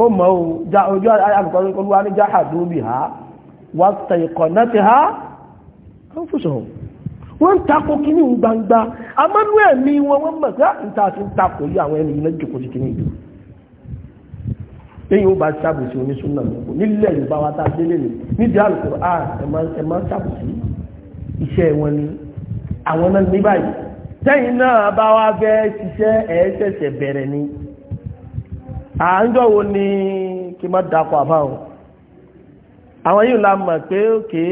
ó mọ̀ ojú àbùkọ́lúwà ní jáhàdú bí ha wà tẹ̀kọ̀ náà ti ha ń fúsọ̀ wọ́n ń takò kí ní gbangba a mọ́ ní ẹ̀mí wọn wọ́n mọ̀ sí àtúntà ah, àti takò yí àwọn ẹni ilẹ̀ jòkó kí ní ìlú ni nídìí àlùkò a ẹ̀ máa ń ṣàbùsí iṣẹ́ wọn ni àwọn náà ní báyìí à ń jọ wo ni kí má dakọ̀ àbáwọn àwọn yìí la mọ̀ pé òkè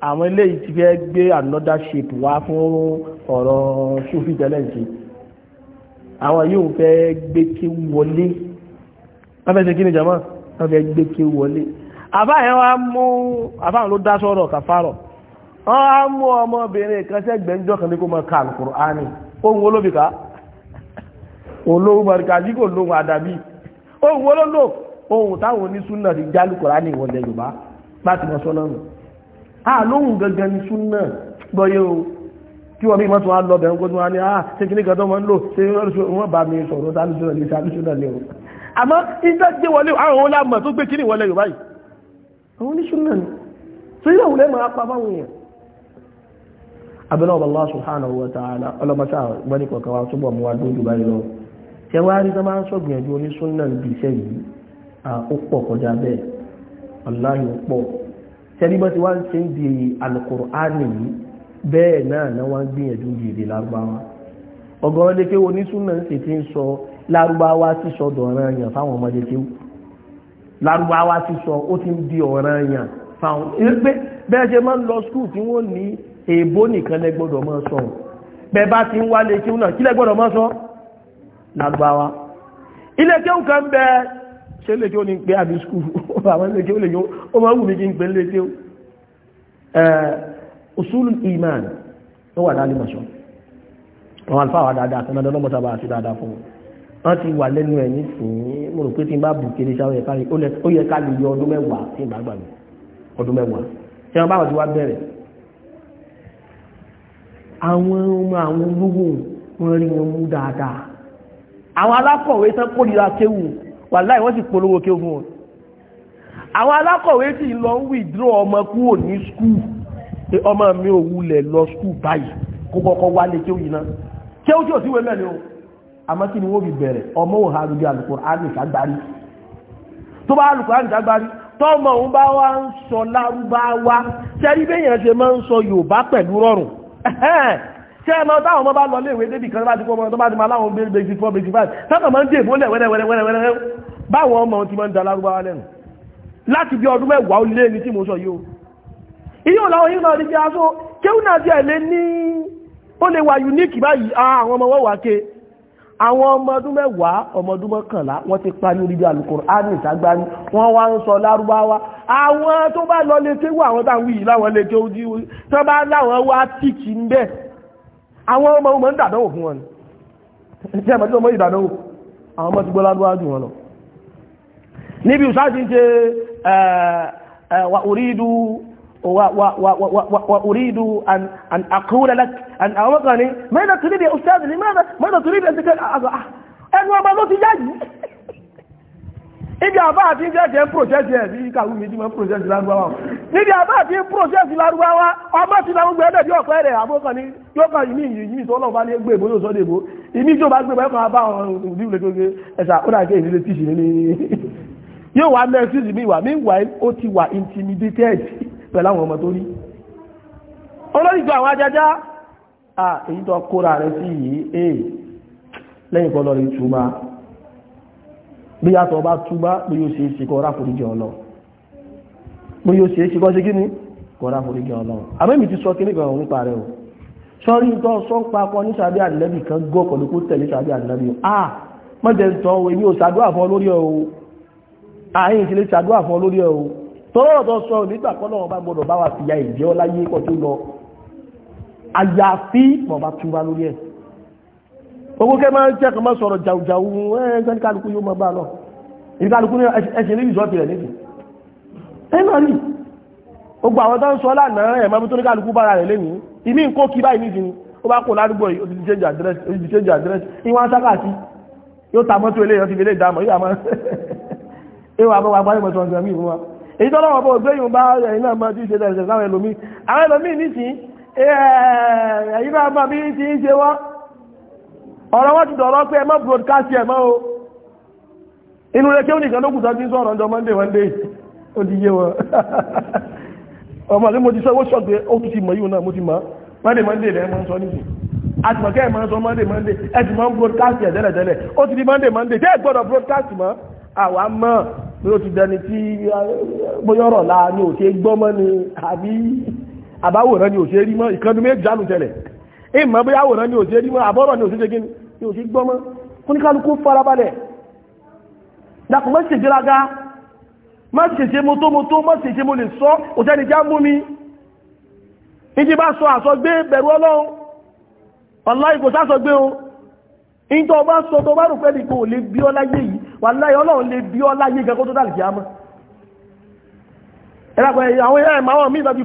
àwọn eléyìí ti fẹ́ gbé another shape wá fún ọ̀rọ̀ sufi tẹ́lẹ̀ǹsì àwọn yìí ń fẹ́ gbé kí wọlé wọ́n fẹ́ ṣe kí ni jama wọ́n fẹ́ gbé kí wọlé àbáyẹn wa mú àbáwọn ló dá sọ̀rọ̀ kàfàrọ̀ wọ́n á mú ọmọbìnrin kan sẹ́gbẹ̀ẹ́jọ́ kan ní kó mọ ka Al-Qur'ani ohun olóbìká olóhùn mọ̀ríkà yìí kò àdàbí ohun olóńdò ohun táwọn onísúnà ti já lùkọ̀rá ní ìwọ̀lẹ̀ yorùbá láti mọ sọ́lọ́run àlóhùn gangan ní súnà gbọ́yé o kí wọ́n bí wọ́n tún wá lọ bẹ̀rún gbọ́dún wọn ah, ni ah ṣe kí ní kan tó wọ́n ń lò ṣe wọ́n bá mi sọ̀rọ̀ sálúṣúnà ní sálúṣúnà ní o àmọ́ ìdájẹ́ wọlé àwọn olámọ̀ tó gbé kí ní ìwọlẹ̀ yorùbá yìí àwọn oníṣúnà ni tó yíò wùlẹ̀ máa pa fáwọn èèyàn abẹ́lẹ́ ọ̀bọ̀lá subhanahu wa ta'ala ọlọ́mọṣà gbọ́nìkọ̀ọ̀kan wa túbọ̀ mú wa dójú báyìí lọ ṣe wá rí tọ́mọ́ sọ̀gbìyànjú oníṣúná níbi iṣẹ́ yìí ó pọ̀ kọjá bẹ́ẹ̀ ọláyé ó pọ̀ ṣẹ́ni bá ti wá ń ṣe ń di Al-Qur'ani yìí bẹ́ẹ̀ náà náà wá ń gbìyànjú di èdè lárúbáwá ọgọ́rọ́ lé kéwọ́ oníṣúná ń ṣe ti ń sọ lárúbáwá sí sọ dọ̀ọ̀ràn yàn fáwọn ọmọdé kéwọ́ lárúbáwá sí sọ ó ti ń di ọ̀ràn yàn fáwọn bẹ́ẹ̀ ṣe máa ń lọ skul tí wọ́n ní èèbó nìkan lẹ́gbọ́dọ̀ máa sọ bẹ́ẹ̀ bá ti ń wálé kéwọ́ kí lẹ́gbọ́dọ̀ máa sọ lágbáwá ilé tí ó ń kàn bẹ ṣe lè tí ó ní pé àbí skul [LAUGHS] àwọn iman ó wà láàrín mọ̀ṣọ́ wọn alfáwà dáadáa kan náà lọ́mọ sábà àti dáadáa fún wọn ti wà lẹ́nu ẹ̀ nísìnyí mo rò pé tí n bá bù kiri sáwọn ẹ̀ka ó yẹ ká lè yọ ọdún mẹ́wàá tí n bá ọdún mẹ́wàá tí wọn bá wà tí wá bẹ̀rẹ̀ àwọn ọmọ àwọn olówó wọn rí wọn mú dáadáa àwọn alákọ̀wé tán kórìíra kéwù wàláhì wọ́n sì polówó kéwù fún wọn àwọn alákọ̀wé sì lọ ń withdraw ọmọ kúrò ní skul pé ọmọ mi ò wulẹ̀ lọ skul báyìí kó kọ́kọ́ wálé kéwù yìí náà kéwù tí ò sí wẹ́mẹ́ ni o àmọ́ kí ni wọ́n fi bẹ̀rẹ̀ ọmọ òhà lórí Al-Kùránì ìṣàgbárí tó bá Al-Kùránì ìṣàgbárí tọ́mọ òun bá wá ń sọ lárúbáwá tẹ́rí bẹ́yàn ṣe máa ń sọ Yorùbá pẹ̀lú rọrùn ṣé ẹ máa táwọn ọmọ bá lọ léèwé débì kan láti pọ́nmọ́ tó bá ti máa láwọn bẹ́ẹ̀ bẹ́ẹ̀ fọ́ bẹ́ẹ̀ fáì sábà máa ń dè bólẹ̀ wẹ́rẹ́wẹ́rẹ́wẹ́rẹ́ báwọn ọmọ ti máa ń da lárúbáwá lẹ́nu láti bí ọdún mẹ́wàá ó lé ní tí mo sọ yìí o iye ò láwọn yìí náà rí bí aṣọ kéwù náà ti ẹ̀lé ní ó lè wà unique báyìí ah, àwọn ọmọ wọ́wà ké àwọn ọmọ ọdún mẹ́wàá ọmọ ọdún mọ́kànlá wọ́n ti pa ní orí bí alukoro ánì ìtagbáni wọ́n wá ń sọ lárúbáwá àwọn tó bá lọ lè kéwù àwọn táwọn yìí láwọn lè kéwù tí wọ́n bá láwọn wá tìkì ń bẹ́ẹ̀ àwọn ọmọ ọmọ ń dàdánwò fún wọn ni tí ẹmọ tí ọmọ yìí dàdánwò àwọn ọmọ ti gbọ́ láwájú wọn lọ níbi ìsáàtí ń ṣe wa uridu an aqula lak an àwọn kan ní mẹ́ta tùrí di ustaz ní mẹ́ta tùrí di ẹ̀sìnkẹ́ ẹnu ọba ló ti yá níbi àbá àti jẹ́jẹ́ pròṣẹ́sì ẹ̀ bí kàwú mi tí wọ́n pròṣẹ́sì lárúbáwá níbi àbá àti pròṣẹ́sì lárúbáwá ọmọ ti la gbogbo ẹ̀dẹ̀ bí ọ̀pẹ́ rẹ̀ àbókan ní yóò kàn ìmí ìyí ìyí tó lọ́ọ̀bá ní gbé ìbò yóò sọ́dẹ̀ ìbò ìmí tó bá gbé ìbò ẹ̀kan bá ọ̀run ìdílé tó gé ẹ̀sà ó dà kéèyàn nílé tíṣì ní yóò wá mẹ́ sí mi wà mí wà ó ti wà intimidated pẹ̀lú àwọn ọmọ tó rí olórí ju àwọn ajájá èyí tó kóra rẹ̀ sí yìí eh, lẹ́yìn kọ́ lọ́rin túmọ̀ bí yàtọ̀ bá túbá bí yóò ṣe é ṣe kọ́ ráforíjì ọlọ́ bí yóò ṣe é ṣe kọ́ ṣe kí ni kọ́ ráforíjì ọlọ́ àmẹ́mì ti sọ kíní gan-an nípa rẹ̀ o sọ́rí tó sọ ń papọ̀ ní sàbí àdìlẹ́bì kan gọ́ pẹ̀lú kó tẹ̀lé sàbí àdìlẹ́bì a ah! mọ́jẹ̀ ń tọ́ èmi ò ṣàdúrà fún lórí ẹ̀ o àyìn ah, ìṣẹ̀lẹ̀ ṣàdúrà fún lórí ẹ̀ o nígbà kan náà gbọdọ̀ bá wa fìyà ìjẹ́ ọláyé kọ́ tó lọ àyàfi mọ̀ bá túbá lórí ẹ̀ owó kẹ́ máa ń tẹ́ kan máa sọ̀rọ̀ jàùjàù ẹgbẹ́ kálukú yóò máa bá lọ ìkálukú ní ẹ̀ṣẹ̀ ní ìzọ́ tìrẹ̀ níbi ẹ̀nà rí ogbà àwọn tó ń sọ lánàá ẹ̀ máa bí tó ní kálukú bára rẹ̀ lẹ́yìn ìmí ń kí báyìí níbi ni ó bá kò ládùúgbò yìí ó change address ó change address ìwọ̀n sákàtì yóò ta mọ́tò eléyìí ó ti fi lè dámọ̀ yóò àmọ́ ewu àbọ̀ wà gbáyé mọ̀tò ọ̀gbẹ̀mí ìwọ̀n èyí tó lọ́wọ́ bọ̀ ògbé yìí bá ẹ̀yìn náà máa ti ṣe dẹ̀rẹ̀ láwọn ẹlòmí àwọn ẹlòmí nìsín ẹ̀yìn náà máa bí ti ń ṣe wọ́n ọ̀rọ̀ wọ́n ti dọ̀rọ̀ pé ẹ má broadcast ẹ̀ mọ́ o inú rẹ̀ kí ó nìkan ló kù sọ́jú sọ̀rọ̀ ọjọ́ monday monday ó ti yé wọn [LAUGHS] ọmọ àti mo ti sọ owó ṣọ́gbé ó tún ti mọ̀ yíò náà mo ti mọ̀ monday monday rẹ̀ mọ́ ń sọ nìkan àtìmọ̀kẹ́ ẹ̀ mọ́ ń sọ monday monday ẹ ti mọ́ ń broadcast ẹ̀ tẹ́lẹ̀ tẹ́lẹ̀ ó ti di monday monday tẹ́ ẹ̀ gbọ́dọ̀ broadcast mọ́ àwa mọ̀ pé ó ti dẹni tí bóyọ̀rọ̀ la ni ò ṣe gbọ́ mọ́ ni àbí àbáwòrán ni ò ṣe rí mọ́ ìkànnì méjì jálù tẹ́lẹ̀ ìmọ̀ bí àwòrán ní òṣèré dímọ̀ àbọ́rọ̀ ní òṣèré gíní ní òṣèré gbọ́mọ́ kúníkálukú farabalẹ̀ dàkùn mọ́ ṣègbéraga má ṣèṣe mo tó mo tó má ṣèṣe mo lè sọ òṣèré já mú mi ìjì bá sọ àsọ gbé bẹ̀rù ọlọ́run wàláhì kò sásọ gbé o ìjọ bá sọ tó bá rò pé nìkan ò lè bí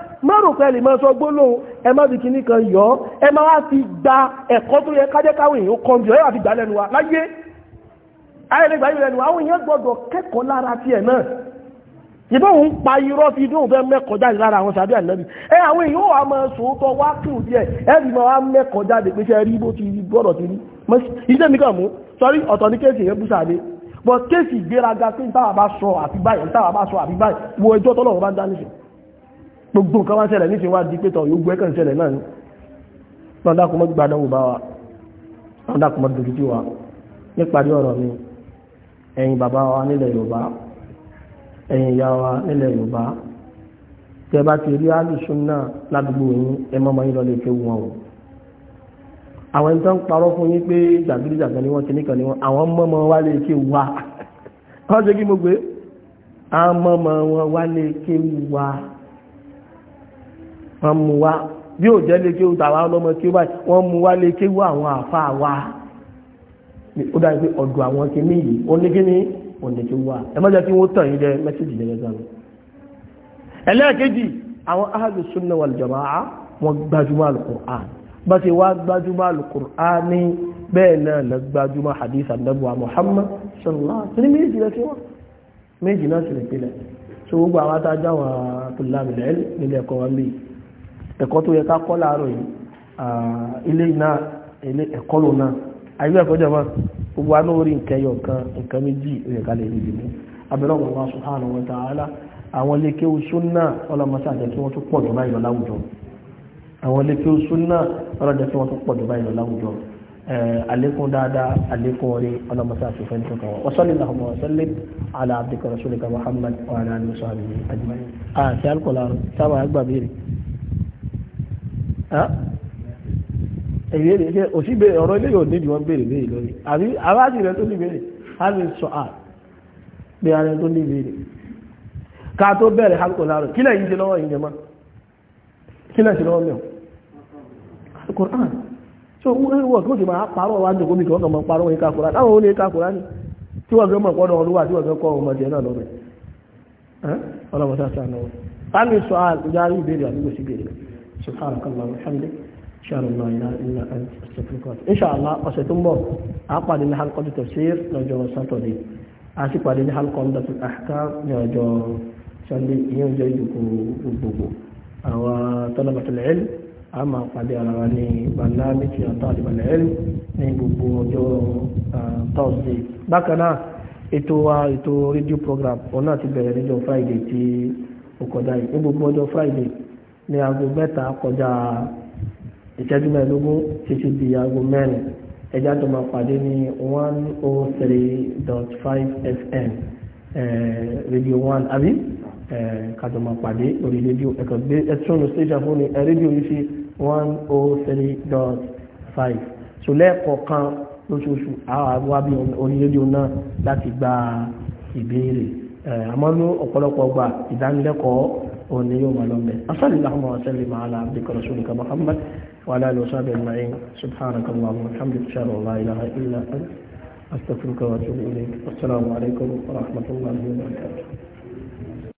má rò pé ẹlẹ́mọ̀ sọ gbólóhùn ẹ má fi kíní kan yọ ọ́ ẹ má wá fi gba ẹ̀kọ́ tó yẹ kájẹ́ káwọn èèyàn kọ́ bí ọ yóò fi gbà lẹ́nu wa láyé ayẹlẹgbà yìí lẹ́nu àwọn èèyàn gbọ́dọ̀ kẹ́kọ̀ọ́ lára tiẹ̀ náà ìbọn òun pa irọ́ fi dóhùn fẹ́ mẹ́kọ̀ọ́ jáde lára àwọn sàbí ànábì ẹ àwọn èèyàn wà máa sòótọ́ wá kùn díẹ̀ ẹ fi máa mẹ́kọ̀ọ́ jáde pé ṣe rí bó ti rí gbọ́dọ̀ ti rí iṣẹ́ mi kàn mú sọrí ọ̀tọ̀ ní kéèsì yẹn búṣàdé bọ́ kéèsì ìgbéraga pé táwa bá sọ àfi báyìí táwa bá sọ àfi báyìí wo ẹjọ́ tọ́lọ́run bá ń dá níṣẹ́ gbogbo nǹkan wá ṣẹlẹ̀ nísìnyí wá di pé tọ̀ yóò gbé kàn ṣẹlẹ̀ náà ni náà dákun mọ́ gbàdán wò bá wa náà dákun mọ́ dojú tí wa níparí ọ̀rọ̀ mi ẹ̀yin bàbá wa nílẹ̀ Yorùbá ẹ̀yin ìyá wa nílẹ̀ Yorùbá tẹ́ bá ti rí alùsùn náà ládùúgbò yín ẹ mọ́ mọ́ yín lọ lè fi wọn o àwọn ẹni tó ń parọ́ fún yín pé jàgídíjàgan ni wọ́n ti níkan ni wọ́n àwọn mọ́mọ́ wá lè ké wa wọ́n [LAUGHS] ṣe kí mo gbé àwọn mọ́mọ́ wọn wá lè ké wa wọ́n mú wá bí ò jẹ́ lé kéwú tàwa ọlọ́mọ kéwú báyìí wọ́n mú wá lé kéwú àwọn àfa wa ó dájú pé ọ̀dọ̀ àwọn kìíní yìí ó ní kíní ó ní kéwú wa ẹ má jẹ́ kí wọ́n tàn yín jẹ mẹ́sẹ̀jì jẹ́ lẹ́sẹ̀ lọ. ẹlẹ́ẹ̀kejì àwọn ahlu sunna wal jamaa wọ́n gbajúmọ̀ al-Qur'an bá ti wá gbajúmọ̀ al-Qur'an ní bẹ́ẹ̀ náà lọ gbajúmọ̀ hadith anabuwa Muhammad sallallahu alaihi wasallam méjì náà sì ẹ̀kọ́ tó yẹ ká kọ́ láàárọ̀ yìí ilé náà ilé ẹ̀kọ́ lò náà àyíká ẹ̀kọ́ jẹ́ wọn gbogbo àná orí nǹkan ẹyọ kan nǹkan méjì ó yẹ ká lè rí ibi abẹ́rẹ́ ọ̀gbọ̀n wa subhanahu wa ta'ala àwọn lékè sunna ọlọ́mọṣẹ́ àjẹ́ kí wọ́n tún pọ̀ jù báyìí lọ láwùjọ àwọn lékè sunna ọlọ́jẹ́ kí wọ́n tún pọ̀ jù báyìí lọ láwùjọ عليكم دادا عليكم ولي انا مسافر فين وصلى اللهم وسلم على عبدك ورسولك محمد وعلى اله وصحبه اجمعين اه سالكم تابع اكبر ẹ̀yẹ́ rẹ̀ ṣe òṣìbèrè ọ̀rọ̀ ilé yóò nídìí wọ́n béèrè léyìí lórí àbí aláàjì rẹ̀ tó níbèrè á lè sọ à bí tó níbèrè ká tó bẹ̀rẹ̀ hálùkò láàrọ̀ kí lẹ́yìn ṣe lọ́wọ́ ìyẹn máa kí lọ́wọ́ tí wọ́n gẹ́mọ̀ pọ́nà tí wọ́n ọmọ jẹ́ náà lọ́rẹ̀ sáà náà wọ́n subhanaka allahumma wa bihamdik ṣàrò náà ilá ilá ẹ̀sìnkúrúkọ inṣàlá ọ̀sẹ̀ tó ń bọ̀ a pàdé ní halkọ́ tó tafsir lọ́jọ́ sátọ̀dé a sì pàdé ní halkọ́ tó ahkam ní ọjọ́ sọ́ndé ìyẹn ọjọ́ ìdìbò gbogbo àwọn talabatul ilm a máa pàdé ara wa ní barnamij talibul ilm ètò wa ètò rédíò program ọ̀nà ti bẹ̀rẹ̀ níjọ́ friday tí ó kọjá yìí ní gbogbo ọjọ́ friday ní aago mẹ́ta kọjá ìṣẹ́jú mẹ́ẹ̀ẹ́dógún títí di aago mẹ́rin ẹja tó máa pàdé ní one oh three dot five fm eh, rédíò one àbí eh, kájọ máa pàdé lórí rédíò ẹ̀kọ́ gbé ẹtúrọ̀nù station fún mi eh, rédíò yìí sí one oh three dot five so lẹ́ẹ̀kọ̀ọ̀kan lóṣooṣù àwọn àwọn àbí orí rédíò náà láti gba ìbéèrè àmọ́ ní ọ̀pọ̀lọpọ̀ gba ìdánilẹ́kọ̀ọ́. ونيوم لومي أصلي اللهم وسلم على عبدك رسولك محمد وعلى آله وصحبه أجمعين سبحانك اللهم وبحمدك أشهد أن لا إله إلا أنت أستغفرك وأتوب إليك السلام عليكم ورحمة الله وبركاته